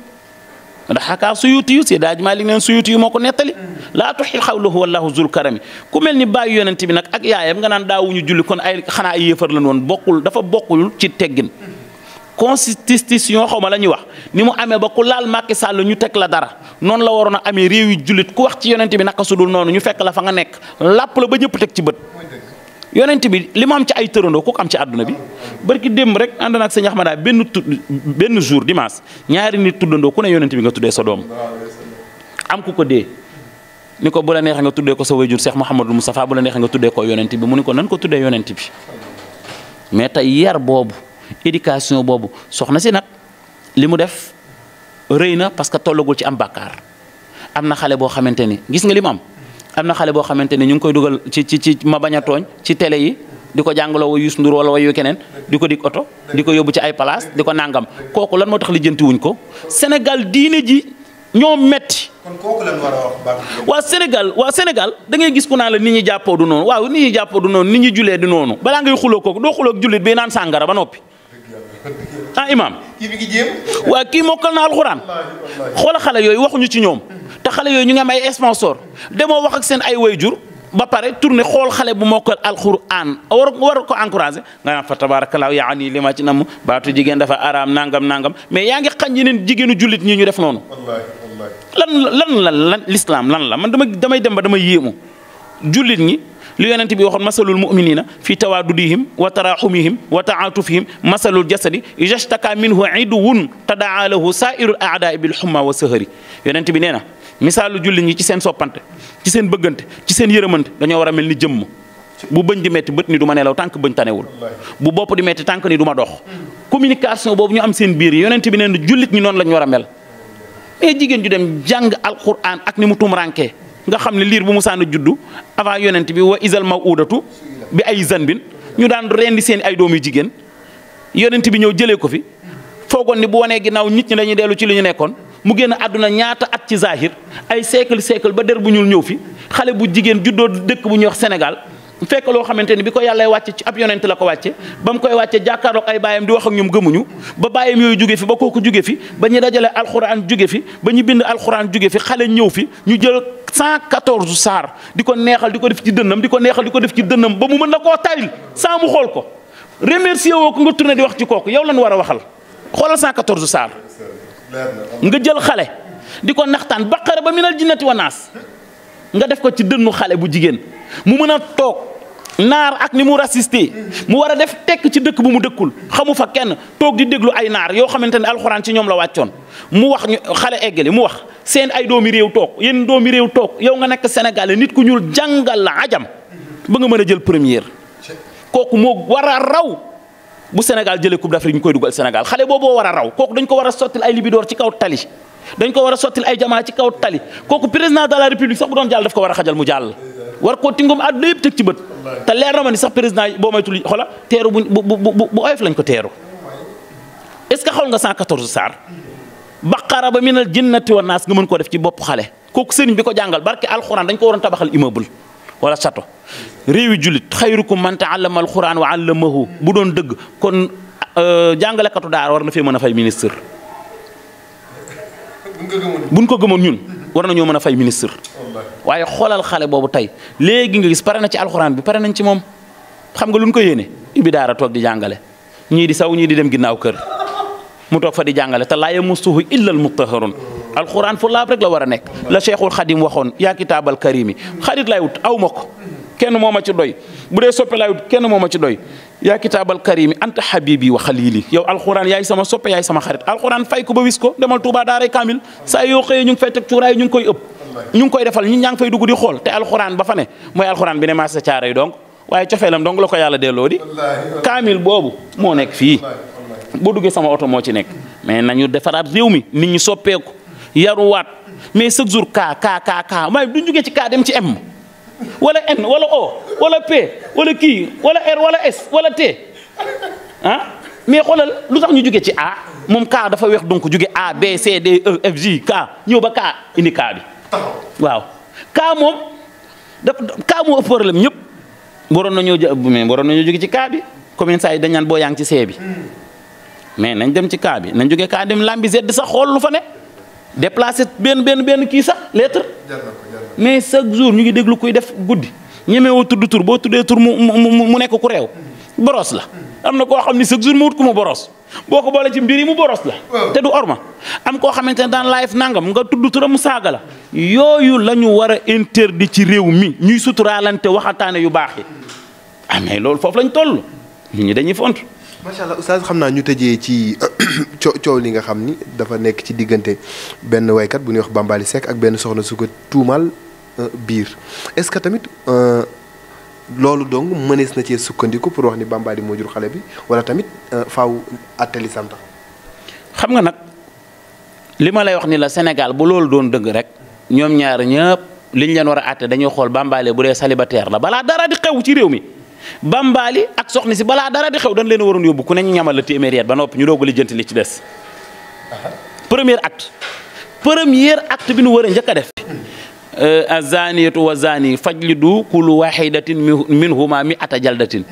ndax haka suyuti yu sidaj malik maa suyuti yu moo ko nettali laa tuxil wallahu zul karami ku melni ba yonent bi nak ak yaayam nga nan naan daawuñu julli kon ay xana ay yéefar lan woon bokul dafa bokul ci teggin constitution xaw ma wax ni mu amé ba ku laal Macky Sall ñu tek la dara non la warona amé réew yi julit ku wax ci yonent bi naka sudul noonu ñu fekk la fa nga nek lapp la ba ñepp tek ci bëtt yonent bi li am ci ay tërandoo ku am ci aduna bi barki dem rek and nak señ Axmada benn tu benn jour dimanche ñaari nit tuddandoo ku ne yonent bi nga tuddé sa dom am ku ko dé niko bu la neex nga tuddé ko sa wayjur Cheikh mohammedou Moustapha bu la neex nga tuddé ko yonent bi mu niko nan ko tuddé yonent bi mais tay yar bobu éducation boobu soxna si nag li mu def rëy na parce que tollagul ci am bàkkaar am na xale boo xamante ni gis nga lim am am na xale boo xamante ni ñu ngi koy dugal ci ci ci ma bañ a tooñ ci tele yi di ko jàngaloo wa Youssou Ndour wala wayu keneen di ko dig oto di ko yóbbu ci ay place di ko nàngam kooku lan moo tax lijjanti wuñ ko Sénégal diine ji ñoo metti kon a wax waa Sénégal waa Sénégal da ngay gis ku naan la nit ñi jàppoo du noonu waaw nit ñi jàppoo du noonu nit ñi julee du sàngara ba noppi ah imaam kii mi ngi jéem waa kii mokkal na alxuraan xoola xale yooyu waxuñu ci ñoom te xale yooyu ñu ngi am ay sponsor demoo wax ak seen ay way jur ba pare tourne xool xale bu mokkal alxuraan war war ko encouragé nga naan fa tabaarakallaahu yaa nii li ma ci baatu jigéen dafa araam nangam nangam mais yaa ngi xañ yeneen jigéenu jullit ñi ñu def noonu. lan lan lan lan l'islam lan la man dama damay dem ba dama yéemu jullit ñi. li yonent bi waxoon masalul muminina fi tawaadudihim wa taraxumihim wa taatufihim masalul jasadi ijastaka minhu iduwun tadaa lahu saairu aadaai bil xumma wa sahari yonent bi nee na misaalu julli ñi ci seen soppante ci seen bëggante ci seen bu bëñ di metti bët ni du nelaw tànk bëñ tanewul bu bopp di metti tànk ni du dox communication boobu ñu am seen biir yi yonent bi nee na jullit ñi noonu la ñu mel mais jigéen ju dem jàng alquran ak ni mu tum rànkee nga xam ne liir bu musaana juddu avant yonent bi wa isal maw uudatu bi ay zanbin ñu daan rendi seen ay doom yu jigéen yonent bi ñëw jëlee ko fi foogoon ni bu wanee ginnaaw nit ñi dañuy dellu ci li ñu nekkoon mu génn àdduna ñaata at ci zahir ay siècle siècle ba der bu ñuul ñëw fi xale bu jigéen juddoo dëkk bu ñuy wax Sénégal fekk lo xamanteni ni yalla wacc ci ab yonent la ko wacc bam koy wacc jakarok ay bayam di wax ak ñum gëmuñu ba bayam yooyu juggé fi ba koku juggé fi ba ñi dajalé alquran juggé fi ba ñi bind alquran juggé fi xalé ñew fi ñu jël 114 sar di neexal diko def ci deñam diko neexal di def ci deñam ba mu mëna ko tayil sa mu xol ko remercier wo ko nga tourné di wax ci koku yow lañ wara waxal xolal 114 sar nga jël xalé diko naxtan ba minal jinnati wa nga def ko ci deñu xalé bu jigen mu tok naar ak ni mu rassisté mu war a def tekk ci dëkk bu mu dëkkul xamu fa kenn toog di déglu ay naar yoo xamante ne alxuraan ci ñoom la wàccoon mu wax ñu xale eggali mu wax seen ay doomi réew toog yéen doomi réew toog yow nga nekk Sénégalais nit ku ñuul jàngal la ajam ba nga mën a jël première kooku moo war a raw bu Sénégal jëlee Coupe d'Afrique ñu koy dugal Sénégal xale booboo war a raw kooku dañ ko war a sottil ay libidoor ci kaw tali dañ ko war a sottil ay jamaa ci kaw tali kooku président de war a xajal mu jàll war koo tingom àdduna yëpp teg ci bët te leer na ma ni sax président boo maytul xola teeru bu bu bu oyof lañ ko teeru est-ce que xool nga 114 saar baqara ba minal jinnati wa naas nga mën koo def ci bopp xale kooku sëriñ bi ko jàngal barke alxuraan dañ ko waroon tabaxal immeuble wala château réewi jullit xayrukum man taallama alxuraan wa allamahu bu doon dëgg kon euh, jàngalekatu daara war na fee mën a fay ministre buñ ko gëmoon ñun war nañoo mën a fay ministre waye xolal xale bobu tay léegi nga gis parana ci alcorane bi parana ci mom xam nga luñ ko yene ibi dara tok di jàngale ñi di saw ñi di dem ginnaaw kër mu tok fa di jàngale ta la yamassuhu illa almutahharun alcorane fu laab rek la wara nek la cheikhul khadim waxon ya kitabal karim xarit lay wut aw mako kenn moma ci doy bu dee soppe lay wut kenn moma ci doy yaa kitaabal karimi anta habibi wa xalili yow alxuraan yaay sama soppe yaay sama xarit alxuraan fay ko ba wis ko demal Touba daaray kaamil saa yoo xëyee ñu fay teg cuuraay ñu koy ëpp ñu ngi koy defal ñun ñaa ngi fay dugg di xool te alxuraan ba fa ne mooy alxuraan bi ne maa sa caare yi donc waaye cofeelam donc la ko yàlla delloo di kaamil boobu moo nekk fii boo duggee sama oto moo ci nekk mais nañu defaraat réew mi nit ñi soppeeku yaruwaat mais chaque jour ka ka ka ka may du jógee ci kaa dem ci em wala N wala O wala P wala kii wala R wala S wala T ah mais xoolal lu tax ñu jógee ci A moom ka dafa weex donc juge A B C D E ñëw ba K indi K bi taxaw waaw kaa moom da kaa moo ëpp problème ñëpp waroon nañoo jë mais waroon nañoo jóge ci kaa bi commune saa yi dañ naan boo yaa ngi ci see bi mais nañ dem ci kaa bi nañ jógee kaa dem lambi sedd sax xool lu fa ne déplacé benn benn benn kii sax lettre mais chaque jour ñu ngi déglu koy def guddi ñemewoo tudd tur boo tuddee tur mu mu mu nekk ku réew. boros la am na koo xam ni chaque jour mu wut ku mu boros boo ko boole ci mbir yi mu boros la. te du orma am koo xamante ne daan live nangam nga tudd turam mu saaga la. yooyu la ñu war a interdit ci réew mi ñuy suturaalante waxataane yu baax yi ah loolu foofu lañ toll nit ñi dañuy font. macha allah oustaz xam naa ñu tëjee ci (coughs) coow li nga xam ni dafa nekk ci diggante benn waykat bu nuy wax Bambaly Seck ak benn soxna su ko tuumaal euh, biir est-ce que tamit. Euh, loolu donc mënees na cee sukkandiku pour wax ni Bambali moo jur xale bi wala tamit euh, faaw attali santa xam nga nag li ma lay wax ni la Sénégal bu loolu doon dëgg rek ñoom ñaar ñëpp liñ leen war a àtte dañuy xool Bambali bu dee salibateer la balaa dara di xew ci réew mi. Bambali ak soxna si balaa dara di xew dañ leen waroon yóbbu ku ne ñu ñamal la téeméeriyaat ba noppi ñu doog a lijjanti li ci des. premier acte premier acte bi nu war a njëkk a def. azaniyatu wa zani fajlidu kullu wahidatin minhuma mi'ata jaldatin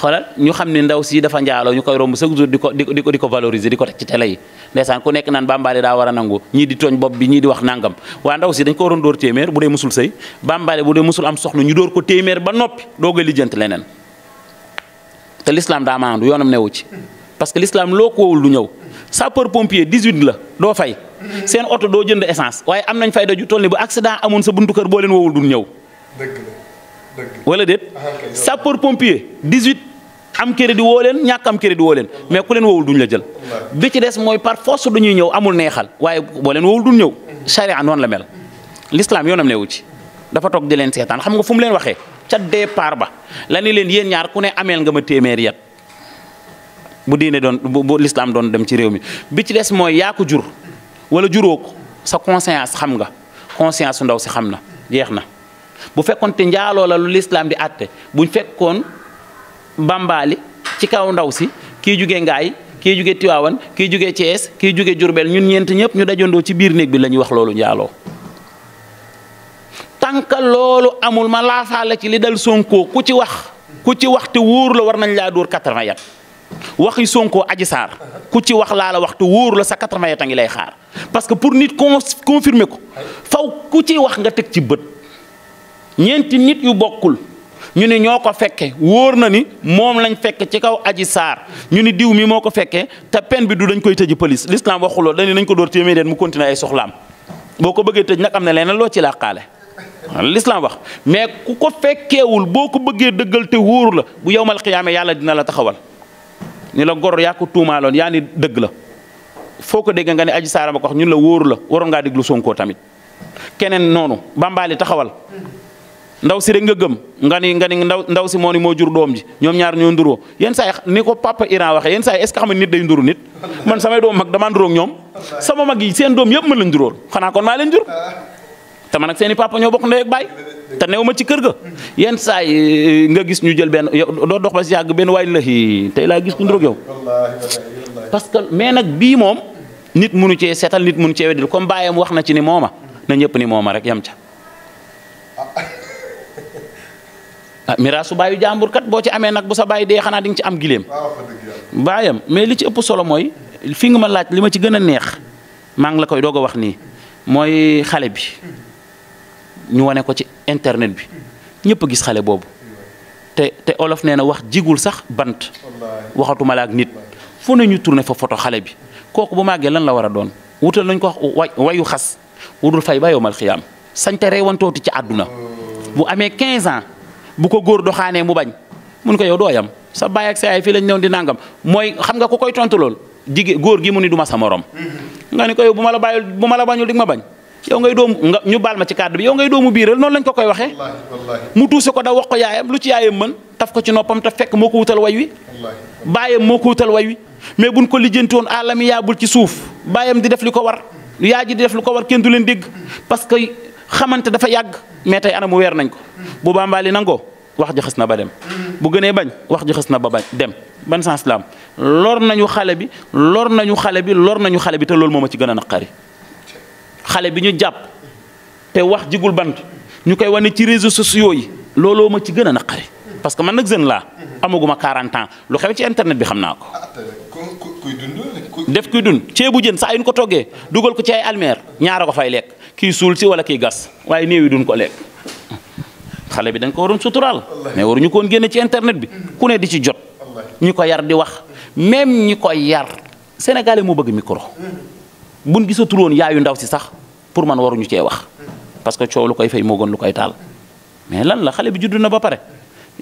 xolal ñu xamni ndaw si dafa njaaloo ñukoy romb sax jour diko diko diko valoriser diko tek ci télé yi ndeysaan ku nekk nan bambale da wara nangu ñi di tooñ bopp bi ñi di wax nangam wa ndaw si dañ ko waroon door témèr budé musul sey bambale budé musul am soxna ñu door ko témèr ba nopi doog a lijjanti leneen te l'islam da maandu yonam newu ci parce que l'islam loko wul wowul du ñëw sapeur pompier 18 la do fay seen oto doo jënd essence waaye am nañ fayda ju toll ni bu accident amoon sa buntu kër boo leen woowul duñ ñëw. dëgg la dëgg wala déet. sapeur pompier 18 am crédit woo leen ñàkk am crédit woo leen mais ku leen wowul duñ la jël. bi ci des mooy par force du ñuy ñëw amul neexal waaye boo leen woowul duñ ñëw. charia noonu la mel. l'islam yoonam newu ci dafa toog di leen seetaan xam nga fu leen waxee ca départ ba la ni leen yéen ñaar ku ne ameel nga ma téeméeri yat bu ne doon bu bu l'islam doon dem ci réew mi bi ci des mooy yaa ko jur. wala juróo sa conscience xam nga conscience su ndaw si xam na jeex na bu fekkoon te njaaloo la lu lislaam di àtte buñ fekkoon bambaali ci kaw ndaw si kii jugee ngaay kii jugee Tiwaawan kii jugee Thiès kii jugee Diourbel ñun ñeent ñëpp ñu dajandoo ci biir néeg bi la ñuy wax loolu njaaloo tànka loolu amul ma laasaale ci li dal Sonko ku ci wax ku ci wax te wóor la war nañ laa dóor 80 yat waxi Sonko Adji Sarr ku ci wax laa la waxtu wóor la sa 80 ngi lay xaar parce que pour nit con confirmer ko faw ku ci wax nga teg ci bët ñeenti nit yu bokkul ñu ne ñoo ko fekkee wóor na ni moom lañ fekk ci kaw aji saar ñu ni diw mi moo ko fekkee te peine bi du dañ koy tëji police lislaam waxuloo dañu nañ ko door téeméer mu continuer ay soxlaam boo ko bëggee tëj nag am na leneen loo ci làqaale l'islam wax mais ku ko fekkeewul boo ko bëggee dëggal te wóor la bu yowmal xiyaame yàlla dina la taxawal ni la gor yaa ko tuumaaloon yaa ni dëgg la foo ko dégg nga ne aj saara ba ko wax ñun la wóoru la waroon ngaa lu Sonko tamit keneen noonu bambaali taxawal ndaw si rek nga gëm nga ni nga ni ndaw ndaw si moo ni moo jur doom ji ñoom ñaar ñoo nduroo yan saa yi ni ko papa Iran waxee yenn saa yi est nit day nduru nit man samay doom mag damaa nduroog ñoom sama mag yi seen doom yëpp ma la ndurool xanaa kon maa leen jur te man ak seen papa ñoo bokk ndey ak baay te néew ci kër ga yeen say eh, nga gis ñu jël ben do dox ba la gis ku ndrok yow parce que mais nak bi mom nit munu setan nit munu ci weddil comme bayam wax na ci ni mooma na ñepp ni mooma rek yam ca ah, mirasu bayu bàyyu kat bo ci amé nak bu sa bay dee xana di nga ci am gilem bayam mais li ci ëpp solo moy fi nga ma laaj lima ci gëna neex la koy wax ni moy xalé bi ñu wane ko ci internet bi ñëpp gis xale boobu te te olof nee na wax jigul sax bant waxatuma la nit fu ne ñu tourné foo foto xale bi kooku bu màggee lan la war a doon wutal nañ ko wax wayu xas wudul fay ba am yowmal xiyaam sañte reewantooti ci àdduna bu amee 15 ans bu ko góor doxaanee mu bañ mun ko yow doo yam sa baay ak sa yaay fi lañ newoon di nangam mooy xam nga ko koy tontu lool jigéen góor gi mu ni du ma sa morom mm-hmm. nga ni ko bu ma la bañul di ma bañ yow ngay doomu nga ñu baal ma ci kàddu bi yow ngay doomu biiral noonu lañ ko koy waxee. mu tuuse ko da wax ko yaayam lu ci yaayam mën taf ko ci noppam te fekk moo ko wutal way wi. baayam moo ko wutal way wi mais buñ ko lijjanti woon alami yaabul ci suuf baayam di def li ko war yaa ji def li ko war kenn du leen dégg parce que xamante dafa yàgg mais tey mu weer nañ ko. Mm. bu bàmbaali nangoo wax ji na ba dem. Mm. bu gënee bañ wax ji na ba bañ dem ban sens la am lor nañu xale bi lor nañu xale bi lor nañu xale bi te loolu moo ma ci gën a naqari xale bi ñu jàpp te wax jigul bant ñu koy wane ci réseau sociaux yi looloo ma ci gën a naqari parce que man nag jeune laa amaguma 40 ans lu xew ci internet bi xam naa ko. Ah, def dun dund ceebu jën saa yu ñu ko toggee dugal ko ci ay almeer ñaara ko fay lekk kii suul si wala kii gas waaye néew yi duñ ko lekk xale bi dañ ko waroon suturaal mais waruñu ko woon génne ci internet bi mm. ku ne di ci jot ñi ko yar di wax même ñi ko yar sénégalais moo bëgg micro mm. buñ gisatul woon yaayu ndaw si sax. pour man waruñu cee wax parce que coow lu koy fay moo gën lu koy taal mais lan la xale bi juddu na ba pare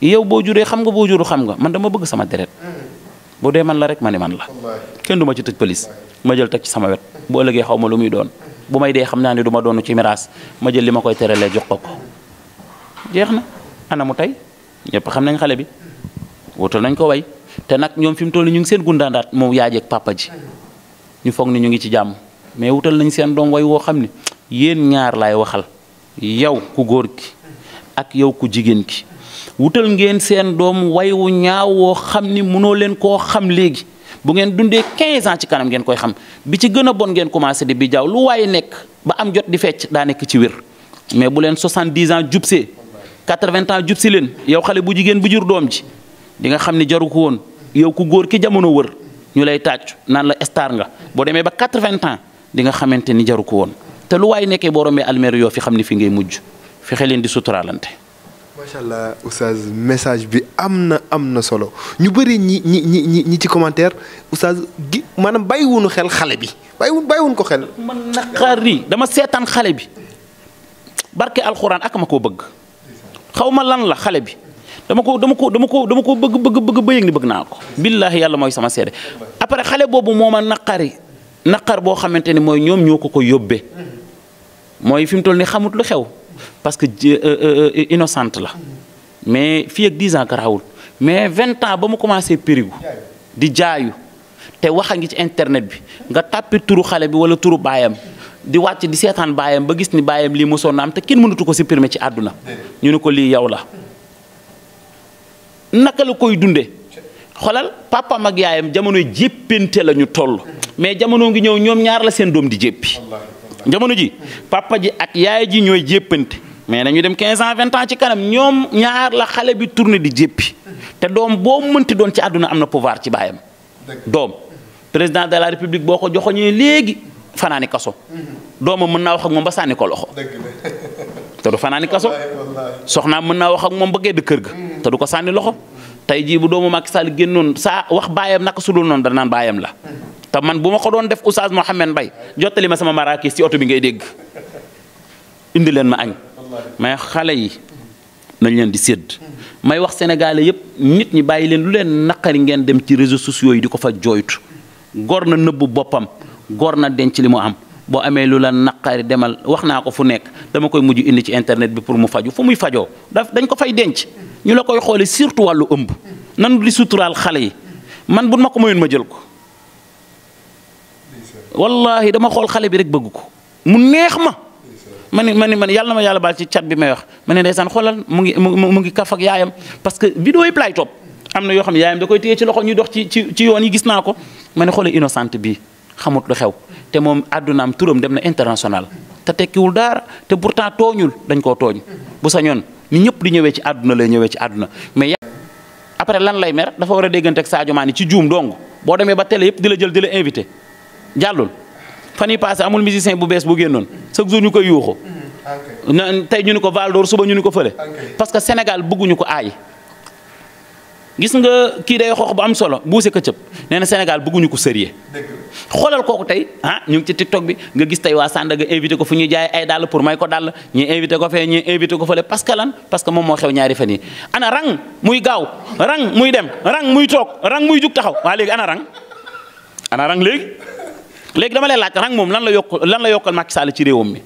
yow boo juree xam nga boo juru xam nga man dama bëgg sama deret boo dee man la rek ma ni man la kenn du ma ci tëj police ma jël teg ci sama wet boo ëllëgee xaw ma lu muy doon bu may dee xam naa ne duma doon doonu ci miraas ma jël li ma koy teralee jox ko ko jeex na anamu tey ñëpp xam nañ xale bi wutal nañ ko way te nag ñoom fi mu toll ñu ngi seen gundaandaat moom yaajeeg papa ji ñu foog ni ñu ngi ci jàmm mais wutal nañ seen doom way woo xam ni yéen ñaar laay waxal yow ku góor ki ak yow ku jigéen ki wutal ngeen seen doom way wu ñaaw woo xam ni mënoo leen koo xam léegi bu ngeen dundee 15 ans ci kanam ngeen koy xam bi ci gën a bon ngeen commencé di bi jaaw lu waaye nekk ba am jot di fecc daa nekk ci wér mais bu leen 70 ans jubsee 80 ans jubsi leen yow xale bu jigéen bu jur doom ji di nga xam ni jaru ko woon yow ku góor ki jamono wër ñu lay tàcc naan la star nga li nga xamante ni jaru ko woon te lu waay nekkee boo rombee almeer yoo fi xam ni fi ngay mujj fexe leen di suturaalante. macha allah oustaz message bi am na am na solo ñu bëri ñi ñi ñi ñi ci commentaire oustaz gi maanaam bàyyiwuñu xel xale bi bàyyiwun bàyyiwun ko xel. man naqari dama seetaan xale bi barke alxuraan ak ma koo bëgg xaw ma lan la xale bi. dama ko dama ko dama ko dama ko bëgg bëgg bëgg ba bëgg naa ko. billaahi yàlla mooy sama seede après xale boobu moo ma naqari naqar boo xamante ni mooy ñoom ñoo ko koy yóbbee mooy fi mu toll ni xamut lu xew parce que euh, euh, euh, innocente la mais fii ak 10 ans garaawul mais vingt ans ba mu commencé périgu di jaayu te wax a ngi ci internet bi nga tàppi turu xale bi wala turu baayam di wàcc di seetaan baayam ba gis ni baayam lii mosoon na am te kenn mënatu ko supprimer ci àdduna ñu ne ko lii yow la naka la koy dunde xolal papaam mag yaayam jamono jéppante la ñu toll mais jamono ngi ñëw ñoom ñaar la seen doom di jéppi jamono ji papa ji ak yaay ji ñooy jéppante mais na nañu dem quinze ans 20 ans ci kanam ñoom ñaar la xale bi tourné di jéppi te doom boo mënti doon ci àdduna am na pouvoir ci baayam doom président de la république boo ko joxoñee léegi fanaani kaso mhm. doomam mën naa wax ak moom ba sànni ko loxo te du fanaani kaso (laughs) soxnaam mën naa wax ak moom ba gedd kër ga mhm. te du ko sànni loxo tey jii bu doomu Macky Sall génnoon saa wax baayam naka su dul noonu dana naan baayam la te man bu ma ko doon def Oustaz Mouhamed Mbaye jottali ma sama marakis ci oto bi ngay dégg indi leen ma añ mais xale yi nañ leen di sédd may wax sénégalais yëpp nit ñi bàyyi leen lu leen naqari ngeen dem ci réseau sociaux yi di ko fa jooytu gor na nëbbu boppam gor na denc li mu am boo amee lu la naqari demal wax naa ko fu nekk dama koy mujj indi ci internet bi pour mu faju fu muy fajoo ñu la koy xolé surtout walu ëmb nan li sutural xale yi man buñ mako ko ma jël ko wallahi dama xol xale bi rek bëgg ko mu neex ma ma ni man yàlla ma yàlla bal ci chat bi may wax mané ndaysan xolal mu ngi mu ngi kaf ak yaayam parce que vidéo yi play top amna yo yoo xam yaayam da koy téye ci loxo ñuy dox ci ci yoon yi gis na ko mané xolé innocente bi xamut lu xew te moom àddunaam turum dem na international te tekkiwul dara te pourtant toñul dañ ko tooñ bu sañon ni ñëpp di ñëwee ci àdduna lay ñëwee ci àdduna mais après lan lay mer dafa war a déggante ak Sadio Mané ci juum dong boo demee ba télé yëpp di la jël di la invité jàllul fan yii passé amul musicien bu bees bu génnoon chaque jour ñu koy yuuxu mm-hmm. ah, na tey ñu ni ko Val d'Or suba ñu ni ko fële ah, parce que Sénégal bëgguñu ko aay gis nga ki day xox bu am solo bousé këccëb néna na Sénégal bëgguñu ko sérieux xolal koku tay ah ñu ci TikTok bi nga gis wa sanda nga invité ko fu ñu jaay ay dal pour may ko dal ñi invité ko fee ñi invité ko fele parce que lan parce que mom mo xew ñaari ana rang muy gaaw rang muy dem rang muy tok rang muy juk taxaw wa légui ana rang ana rang légui légui dama lay rang moom lan la yok lan la yokal Macky Sall ci réewum mi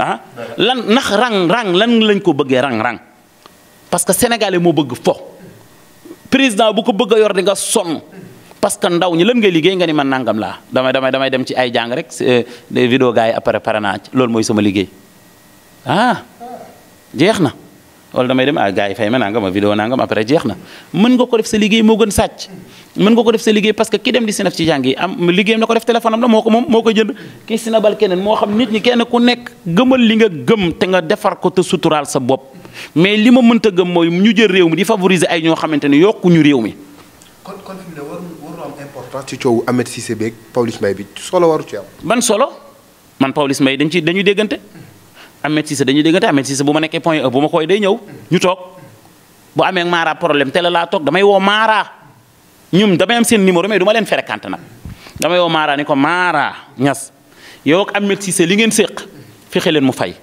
ah lan nax rang rang lan lañ ko rang rang parce que sénégalais mo bëgg fo président bu ko bëgg a yor di nga sonn que ndaw ñi lan ngay liggéey nga ni man nangam laa damay damay damay dem ci ay jàng rek euh, des vidéo gars yi après naa lool mooy sama liggéey ah jeex na wala damay dem ah gars yi fay ma nangam ma vidéo nangam après jeex na mën nga ko def sa liggéey moo gën sàcc mën nga ko def sa liggéey parce que ki dem di sinaf ci jàng yi am liggéeyam la ko def téléphone am la moo ko moom moo ko jënd kii sinabal keneen moo xam nit ñi kenn ku nekk gëmal li nga gëm te nga defar ko te suturaal sa bopp mais li ma mënta gëm mooy ñu jël réew mi di favoriser ay ñoo xamante ne yokkuñu réew mi. kon kon fi mu ne war war am importance ci coowu Ahmed Cissé beeg bi solo waru ci am. ban solo man Pawlish Mbaye dañ ci dañuy déggante Ahmed Cissé dañuy déggante Ahmed Cissé bu ma nekkee point e ma koy day ñëw ñu toog bu amee Mara problème teel laa toog damay woo Mara. ñum dama am seen numéro mais duma len fréquente nak dama yow Mara ni ko Mara ñass yow ak Ahmed Cissé li ngeen sekk fi xelen mu fay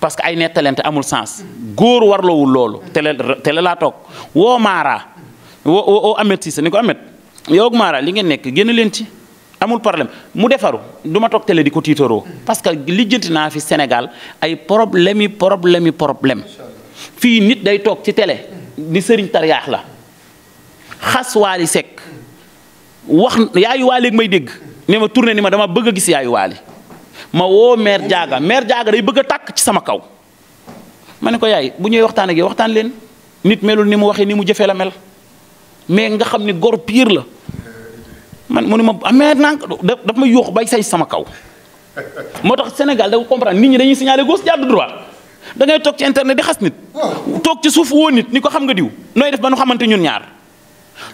parce que ay nettalante amul sens góor warlawul loolu tele tele la tok wo Mara wo o Ahmed Cissé ni ko Ahmed yow ak Mara li ngeen nek génn len ci amul problème mu defaru duma tok télé di ko tiitaroo parce que li jënt na fi Sénégal ay problème problème problème fi nit day tok ci télé ni serigne tariakh la xas waali sekk wax yaayu waali may dégg ne ma tourné ni ma dama bëgg a gis yaayu ma woo meer Diaga meer Diaga day bëgg a tàkk ci sama kaw ma ne ko yaay bu ñuy waxtaan ak waxtaan leen nit melul ni mu waxee ni mu jëfee la mel mais nga xam ni gor pire la man mu ne ma amee ah, naa daf ma yóox bay say sama kaw moo tax Sénégal da ko ñi dañuy signalé gauche jàdd droit ngay toog ci internet di xas nit oh. toog ci suuf woo nit ni ko xam nga diw nooy def ba nu xamante ñun ñaar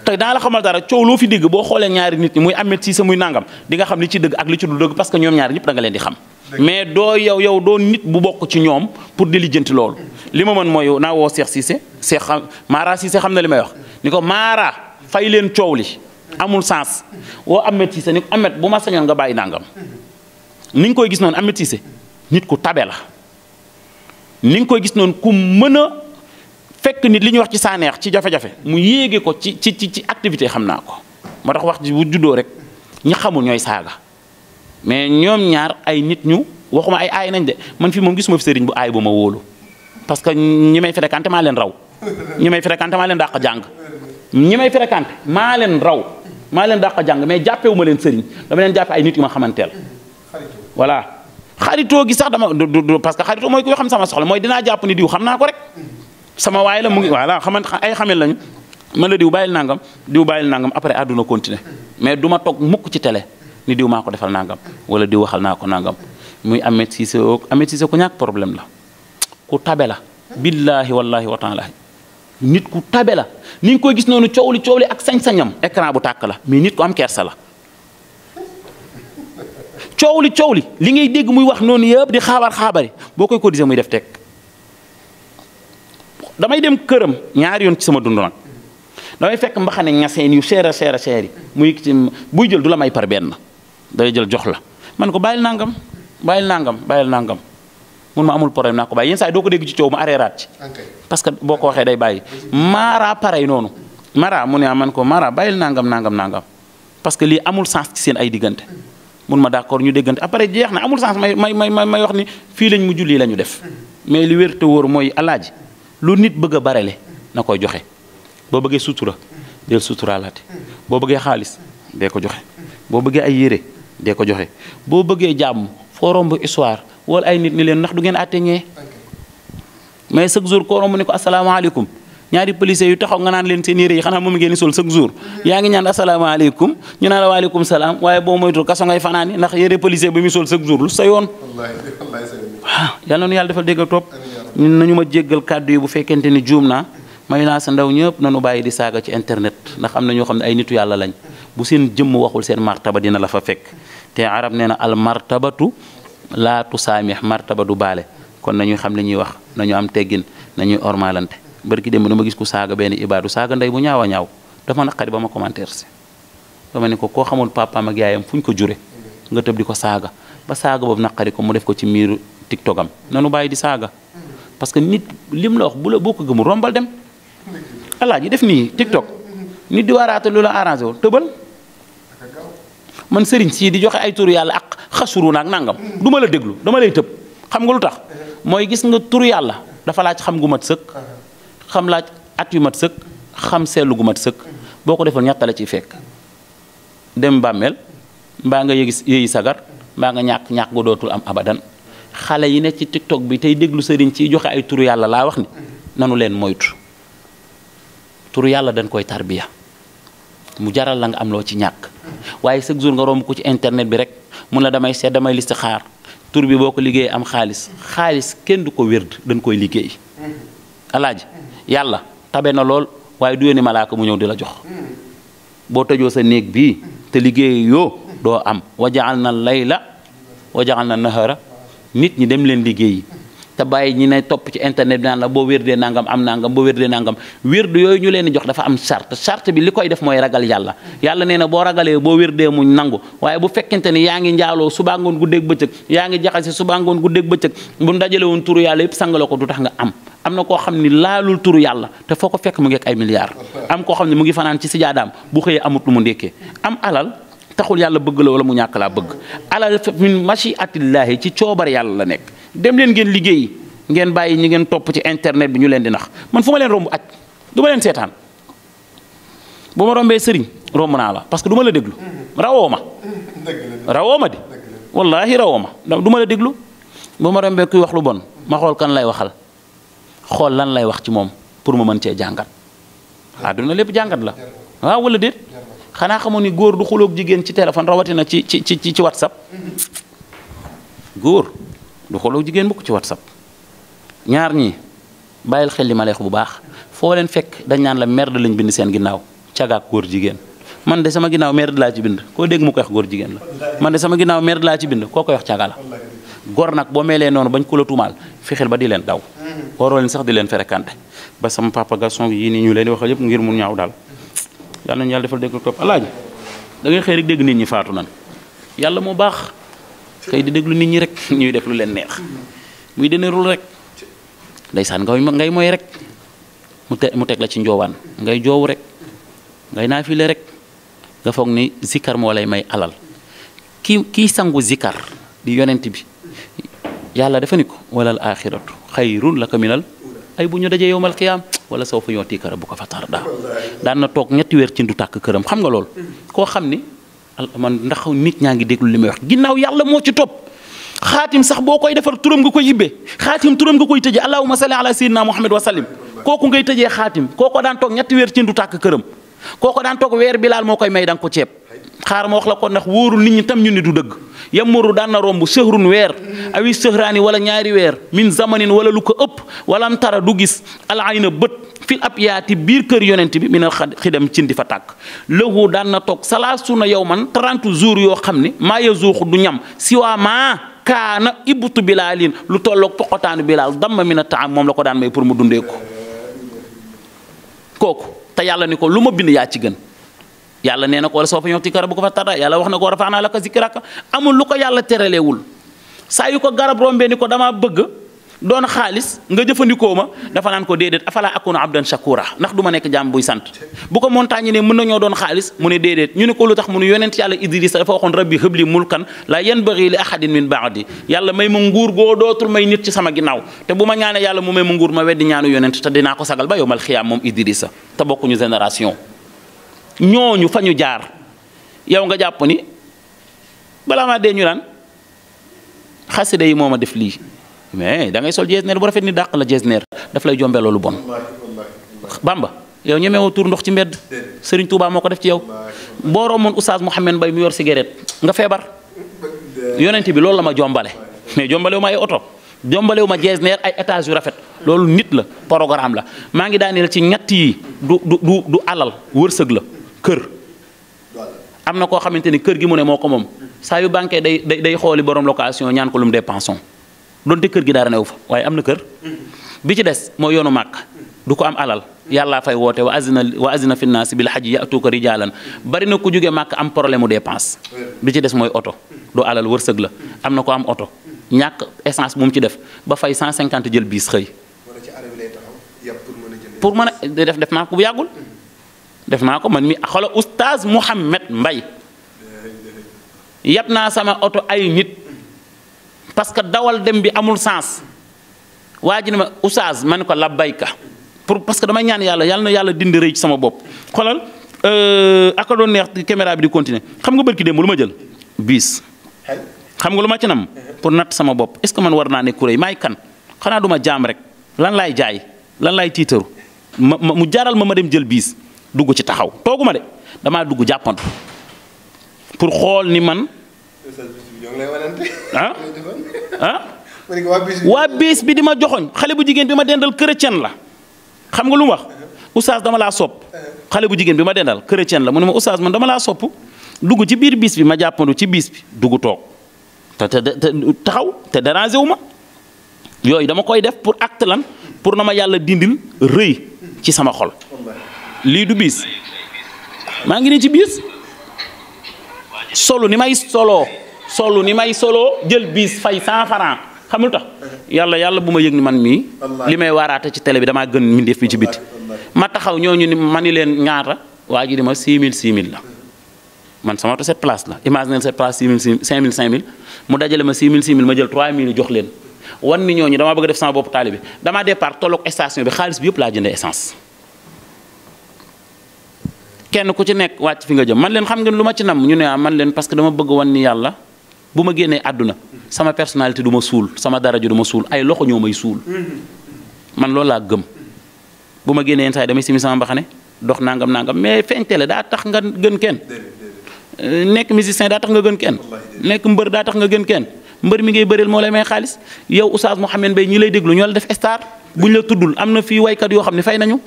te daa la xamal dara coow loo fi dégg boo xoolee ñaari nit ñi muy Ahmed Cissé muy nangam di nga xam li ci dëgg ak li ci du dëgg parce que ñoom ñaari ñëpp da leen di xam. mais doo yow yow doo nit bu bokk ci ñoom pour di lijjanti loolu. li ma mën mooy naa woo Cheikh Cissé Cheikh xam Mara Cissé xam na li may wax ni ko Mara fay leen coow li amul sens woo Ahmed Cissé ni ko Ahmed bu ma sañoon nga bàyyi nangam ni nga koy gis noonu Ahmed Cissé nit ku tabe la ni nga koy gis noonu ku mën a fekk nit li ñuy wax ci saaneex ci jafe-jafe mu yéege ko ci ci ci activité xam naa ko moo tax wax ji bu juddoo rek ñi xamul ñooy saaga mais ñoom ñaar ay nit ñu waxuma ay aay nañ de man fi moom gisuma fi sëriñ bu ay ba ma woolu parce que ñi may fréquenté maa leen raw ñi may fréquenté maa leen dàq jàng ñi may fréquenté maa leen raw maa leen dàq jàng mais jàppewu ma leen sëriñ dama leen jàppe nit yu ma xamanteel voilà sax dama parce mooy ko jàpp ni diw xam naa ko rek sama waay la mu ngi voilà xamant ay xamel lañu man la diw bàyyil nangam diw bàyyil nangam après àdduna continuer mais du ma toog mukk ci télé ni diw maa ko defal nangam wala diw waxal naa ko nangam muy Ahmed Cissé Ahmed Cissé ku ñàkk problème la ku tabe la billaahi wallaahi wa taala nit ku tabe la ni nga koy gis noonu coow li coow li ak sañ-sañam écran bu tàkk la mais nit ku am kersa la coow li li li ngay dégg muy wax noonu yëpp di xaabar xaabari boo koy cotiser muy def teg damay dem këram ñaar yoon ci sama dundu nak damay fekk mbaxane ngaseen yu séra séra séri a seer muy ci buy jël dula may par benn day jël jox la man ko bayil nangam bayil nangam bayil nangam mun ma amul problème nako ko yeen say do ko deg ci coow ma rat ci parce que boko day mara paray nonu mara mune ne ah, man ko mara bayil nangam nangam nangam parce que li amul sens ci seen ay digënté mun ma d'accord ñu déggante après jeex na amul sens may may may may wax ni fi lañ mu julli lañu def mais li te lu nit bëgg a le na koy joxe boo bëggee sutura del suturaalaate boo bëggee xaalis dee ko joxe boo bëggee ay yére dee ko joxe boo bëggee jàmm foo romb histoire wala ay nit ni leen ndax du ngeen àtte ñee mais chaque jour ko romb ni ko asalaamaaleykum ñaari policiers yu taxaw nga naan leen seen yére yi xanaa moom ngeen di sol chaque jour yaa ngi ñaan asalaamaaleykum ñu naan la waaleykum salaam waaye boo moytu kaso ngay fanaani ndax yére policier bi muy sol chaque jour sa yoon waaw yàlla yàlla defal dégg ak ñun nañu ma jéggal kàddu yi bu fekkente ni juum naa may naa sa ndaw ñëpp nañu bàyyi di saaga ci internet ndax am na ñoo xam ne ay nitu yàlla lañ bu seen jëmm waxul seen martaba dina la fa fekk te arab nee na al martabatu laa tusaamih martaba du baale kon nañuy xam li ñuy wax nañu am teggin nañuy ormalante bërki démb dama gis ku saaga benn ibaatu saaga ndey bu ñaaw a ñaaw dafa naqari ba ma commentaire si dama ne ko koo xamul papaam ak yaayam fuñ ko jure nga tëb di ko saaga ba saaga boobu naqari ko mu def ko ci miiru tiktokam parce que nit lim la wax bu la boo ko gëmul rombal dem. alaaji def nii TikTok nit di waaraate lu la arrangé wul tëbal man sëriñ sii di joxe ay turu yàlla ak xasuru naag nangam duma la déglu dama lay tëb xam nga lu tax mooy gis nga turu yàlla dafa laaj xam gu mat sëkk xam laaj at yu mat sëkk xam seetlu gu mat sëkk boo ko defal ñett la ciy fekk dem bàmmeel mbaa nga yëgi yëyi sagar mbaa nga ñàkk ñàkk nga dootul am abadan xale yi ne ci tiktok bi tey déglu sëriñ ci joxe ay tur yàlla laa wax ni nanu leen moytu turu yàlla dañ koy tarbiya mu jaral la nga am loo ci ñàkk waaye chaque jour nga romb ko ci internet bi rek mun la damay seet damay liste xaar tur bi boo ko liggéeyee am xaalis xaalis kenn du ko wérd dañ koy liggéey alaaj yàlla tabe na lool waaye du yónni malaaka mu ñëw di la jox boo tëjoo sa néeg bi te liggéey yoo doo am wajaal na layla wajaal na nahara nit ñi dem leen liggéey te bàyyi ñi ne topp ci internet bi naan la boo wér dee nangam am nangam boo wér dee nangam wérdu yooyu ñu leen di jox dafa am charte charte bi li koy def mooy ragal yàlla yàlla nee na boo ragalee boo wér dee mu nangu waaye bu fekkente ni yaa ngi njaaloo subaa ngoon guddeeg bëccëg yaa ngi jaxase subaa ngoon guddeeg bëccëg bu dajale woon turu yàlla yëpp sangale ko du tax nga am am na koo xam ni laalul turu yàlla te foo ko fekk mu ngeek ay milliards am koo xam ne mu ngi fanaan ci sijaadaam bu xëyee amut lu mu ndékkee am alal taxul yàlla bëgg la wala mu ñàkk laa bëgg ala min machiatillahi ci coobar yàlla la nekk dem leen ngeen liggéey ngeen bàyyi ñu ngeen topp ci internet bi ñu leen di nax man fu ma leen romb aj du ma leen seetaan bu ma rombee sëriñ romb naa la parce que du ma la déglu rawoo ma rawoo ma di wallaahi rawoo ma du ma la déglu bu ma rombee kuy wax lu bon ma xool kan lay waxal xool lan lay wax ci moom pour ma mën cee jàngat àdduna lépp jàngat la waaw wala déet xanaa xamoon ni góor du xuloog jigéen ci téléphone rawatina ci ci ci ci whatsapp góor du xuloog jigéen bukk ko ci whatsapp ñaar ñi bàyyil xel li ma leex bu baax foo leen fekk dañ ñaan la merde lañ bind seen ginnaaw cagaak góor jigéen man de sama ginnaaw merde laa ci bind koo dégg mu koy wax góor jigéen la man de sama ginnaaw merde laa ci bind koo koy wax caga la nag boo melee noonu bañ ku la fexeel ba di leen daw mhm. waroo leen sax di leen ferekante ba sama papa garçon yi nii ñu leen di wax yëpp ngir mun ñaaw daal yàlla nañu yàlla defal dégg topp alaaji da ngay xëy rek dégg nit ñi faatu nan yàlla moo baax xëy di déglu nit ñi rek (laughs) ñuy def lu leen neex muy denerul rek ndeysaan ngay ngay mooy rek mu te mu teg la ci njoowaan ngay joowu rek ngay naafile rek nga foog ni zikar moo lay may alal ki kii sangu zikar di yonent bi yàlla dafa ni ko walal axiratu xayrun laka minal ay bu ñu dajee yowmal qiyaam wala saw fa yootii kara bu ko fa tarda daan na toog ñetti weer ci ndu tàkk këram xam nga lool. koo xam ni man ndax nit ñaa ngi déglu li may wax ginnaaw yàlla moo ci topp. xaatim sax boo koy defar turam nga koy yibbee xaatim turam nga koy tëjee allahumma salli ala sayyidina muhammad wa sallim kooku ngay tëjee xaatim kooko daan toog ñetti weer ci ndu tàkk këram kooko daan toog weer bilaal moo koy may da ko ceeb. xaar ma wax la ko ndax wóorul nit ñi tam ñu ni du dëgg yamuru daan na romb sëhrun weer awi sëhraani wala ñaari weer min zamanin wala lu ko ëpp walam tara du gis na bët fil ab yaati biir kër yonent bi min a xidam cin di fa tàkk lëhu daan na toog salaasuna yow man 30 jours yoo xam ne maa ya zuuxu du ñam siwaa maa kaana ibutu bilaalin lu tolloog poqotaanu bilaal damma min a taam moom la ko daan may pour mu dundee ko kooku te yàlla ni ko lu ci gën yàlla nee na ko soo fa ñëw ti garab bu fa tara yàlla wax na ko war a faax naa la ko zikiraka amul lu ko yàlla teraleewul saa yu ko garab rombee ni ko damaa bëgg doon xaalis nga jëfandikoo ma dafa naan ko déedéet afala akunu abdan shakura ndax du ma nekk jaam buy sant bu ko montagne ne mën ñoo doon xaalis mu ne déedéet ñu ne ko lu tax mu ne yonent yàlla idrisa dafa waxoon rabbi hëbli mulkan la yanbaghi li ahadin min ba'di yàlla may ma nguur goo dootul may ci sama ginnaaw te bu ma ñaane yàlla mu may ma ma weddi ñaanu yonent te dinaa ko sagal ba yowmal xiyaam moom idrisa te bokkuñu génération ñooñu fa ñu jaar yow nga jàpp ni balaa maa dee ñu naan xasida yi moo ma def lii mais da ngay sol jeesneer bu rafet ni dàq la jeesneer daf lay jombe loolu bon bamba yow ñemewoo tuur ndox ci mbedd Serigne Touba moo def ci yow boo romoon oustaz Mouhamed Mbaye mu yor cigarette nga bi la ma jombale mais jombalewu ma ay oto jombalewu ma jeesneer ay étage yu rafet loolu nit la programme la maa ngi ci du du du alal wërsëg la kër am na koo xamante ni kër gi mu ne moo ko moom saa yu banque day day xooli borom location ñaan ko lu mu dépenson donte kër gi dara newu fa waaye am na kër bi ci des mooy yoonu màkk du ko am alal yàllaa fay woote wa azina wa azina finnaasi bil xaj yatuuka rijaalan bari na ku jóge màkk am problème mu dépense bi ci des mooy oto du alal wërsëg la am na ko am oto ñàkk essence bu mu ci def ba fay 150 jël biis xëy pour mën a def def naa ko bu def naa ko man mi xola oustaz Mouhamed Mbay yab naa sama oto ay nit parce que dawal dem bi amul sens waa ji ne ma oustaz ma ne ko labbayka pour parce que damay ñaan yàlla yàlla yàlla dindi rëy ci sama bopp xolal euh, aka doon neex caméra bi di continuer xam nga bërki démb lu ma jël biis xam nga lu ma ci nam pour natt sama bopp est ce que man war naa ne kuréy may kan xanaa duma jaam rek lan laay jaay lan laay tiitaru ma mu jaaral ma ma dem jël biis dugg ci taxaw tooguma de damaa dugg jàppandu pour xool ni man. ah ah. (laughs) waa bis bi di ma joxoñ xale bu jigéen bi ma dendal chrétien la xam nga lu mu wax uh-huh. oustaz dama laa sopp uh-huh. xale bu jigéen bi dendal chrétien la mu ne ma oustaz man dama laa sopp dugg ci biir biis bi ma jàppandu ci biis bi dugg toog te taxaw te dérangé wu ma yooyu dama koy def pour acte lan pour na ma yàlla dindil rëy ci sama xol lii du biis maa ngi nii ci biis solu ni may soloo solu ni may soloo jël biis fay cent franc xam lu tax yàlla yàlla bu ma yëg ni man mii li may waaraate ci télé bi damaa gën mbindeef bi ci biti ma taxaw ñooñu ni ma ni leen ñaata waa ji di ma six mille six mille la man sama to cette place la imagine cette place six mille cinq mille mu dajale ma six mille ma jël trois mille jox leen wan ni ñooñu damaa bëgg def sama bopp taalibe damaa départ tolloog station bi xaalis bi laa jëndee essence kenn ku ci nek wacc fi nga jëm man leen xam ngeen luma ci nam ñu ne ah, man leen parce que dama bëgg wan ni yalla buma gene aduna sama personnalité duma sul sama dara ju duma sul ay loxo ñomay sul man lo la gëm bu ma génnee yenn saa simi sama mbaxane dox nangam nangam mais feeñtele da tax nga gën ken nek musicien da tax nga gën ken nek mbeur da tax nga gën ken mbeur mi ngay beurel mo lay may xaliss yow Oustaz mohammed bay ñi lay deglu ñol def star buñ la tuddul am fi way kat yo xamni fay nañu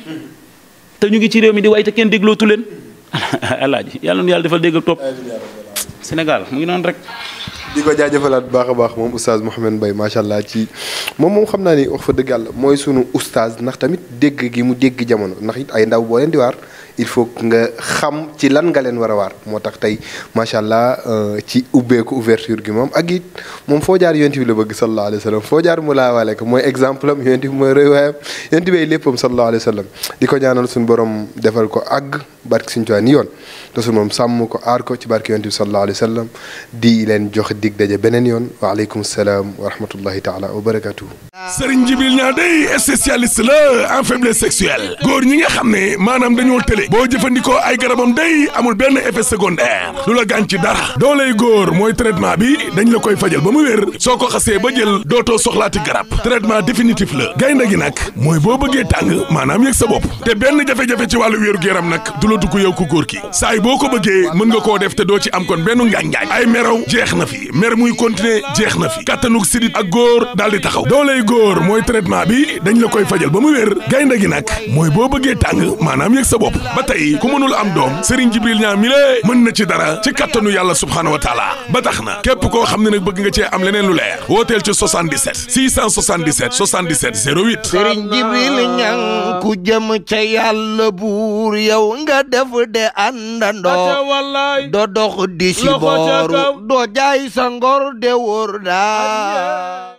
te ñu ngi ci réew mi di way te kenn déglootu leen (laughs) alaaji yàlla na yàlla defal dégg topp Sénégal mu ngi noonu rek. di ko jaajëfalaat bu baax a baax moom oustaz Mouhamed Mbaye macha allah ci moom moom xam naa ni wax fa dëgg yàlla mooy sunu oustaz ndax tamit dégg gi mu dégg jamono ndax it ay ndaw boo leen di waar. il faut nga xam ci lan nga leen war a waar moo tax tey macha allah euh, ci ubbeeku ouverture gi moom ak it moom foo jaar yonent bi la bëgg sallallahu alayhi wa foo jaar mu laawaale ko mooy exemple am yonent mooy royuwaayam yonent bi ay léppam sallallahu alayhi wa sallam di ko ñaanal suñu borom defal ko àgg barke Sëñ Tuubaa ni yoon moom sàmm ko aar ko ci barke yonent bi sallallahu alayhi wa di leen jox dig daje beneen yoon waaleykum salaam wa rahmatullahi taala wa barakatuhu Serigne Jibril Niang day spécialiste la en faiblesse sexuelle góor ñi nga xam ne maanaam dañoo tële boo jëfandikoo ay garabam day amul benn effet secondaire du la gaañ ci dara doolay góor mooy traitement bi dañ la koy fajal ba mu wér soo ko xasee ba jël dootoo soxlaati garab traitement définitif la gaynde gi nag mooy boo bëggee tàng maanaam yëg sa bopp te benn jafe-jafe ci wàllu wéeru yaram nag la dugg yow ku góor ki saay boo ko bëggee mën nga koo def te doo ci am kon benn ngaañ-ngaañ ay meraw jeex na fi mer muy continuer jeex na fi kattanug sidit ak góor daal di taxaw dooley góor mooy traitement bi dañ la koy fajal ba mu wér gaynde gi nag mooy boo bëggee tàng maanaam yëg sa bopp ba tey ku mënul am doom Serigne Jibril ñaa ku jëm ca yàlla buur yow nga def de àndandoo do dox di si booru do de wóor daa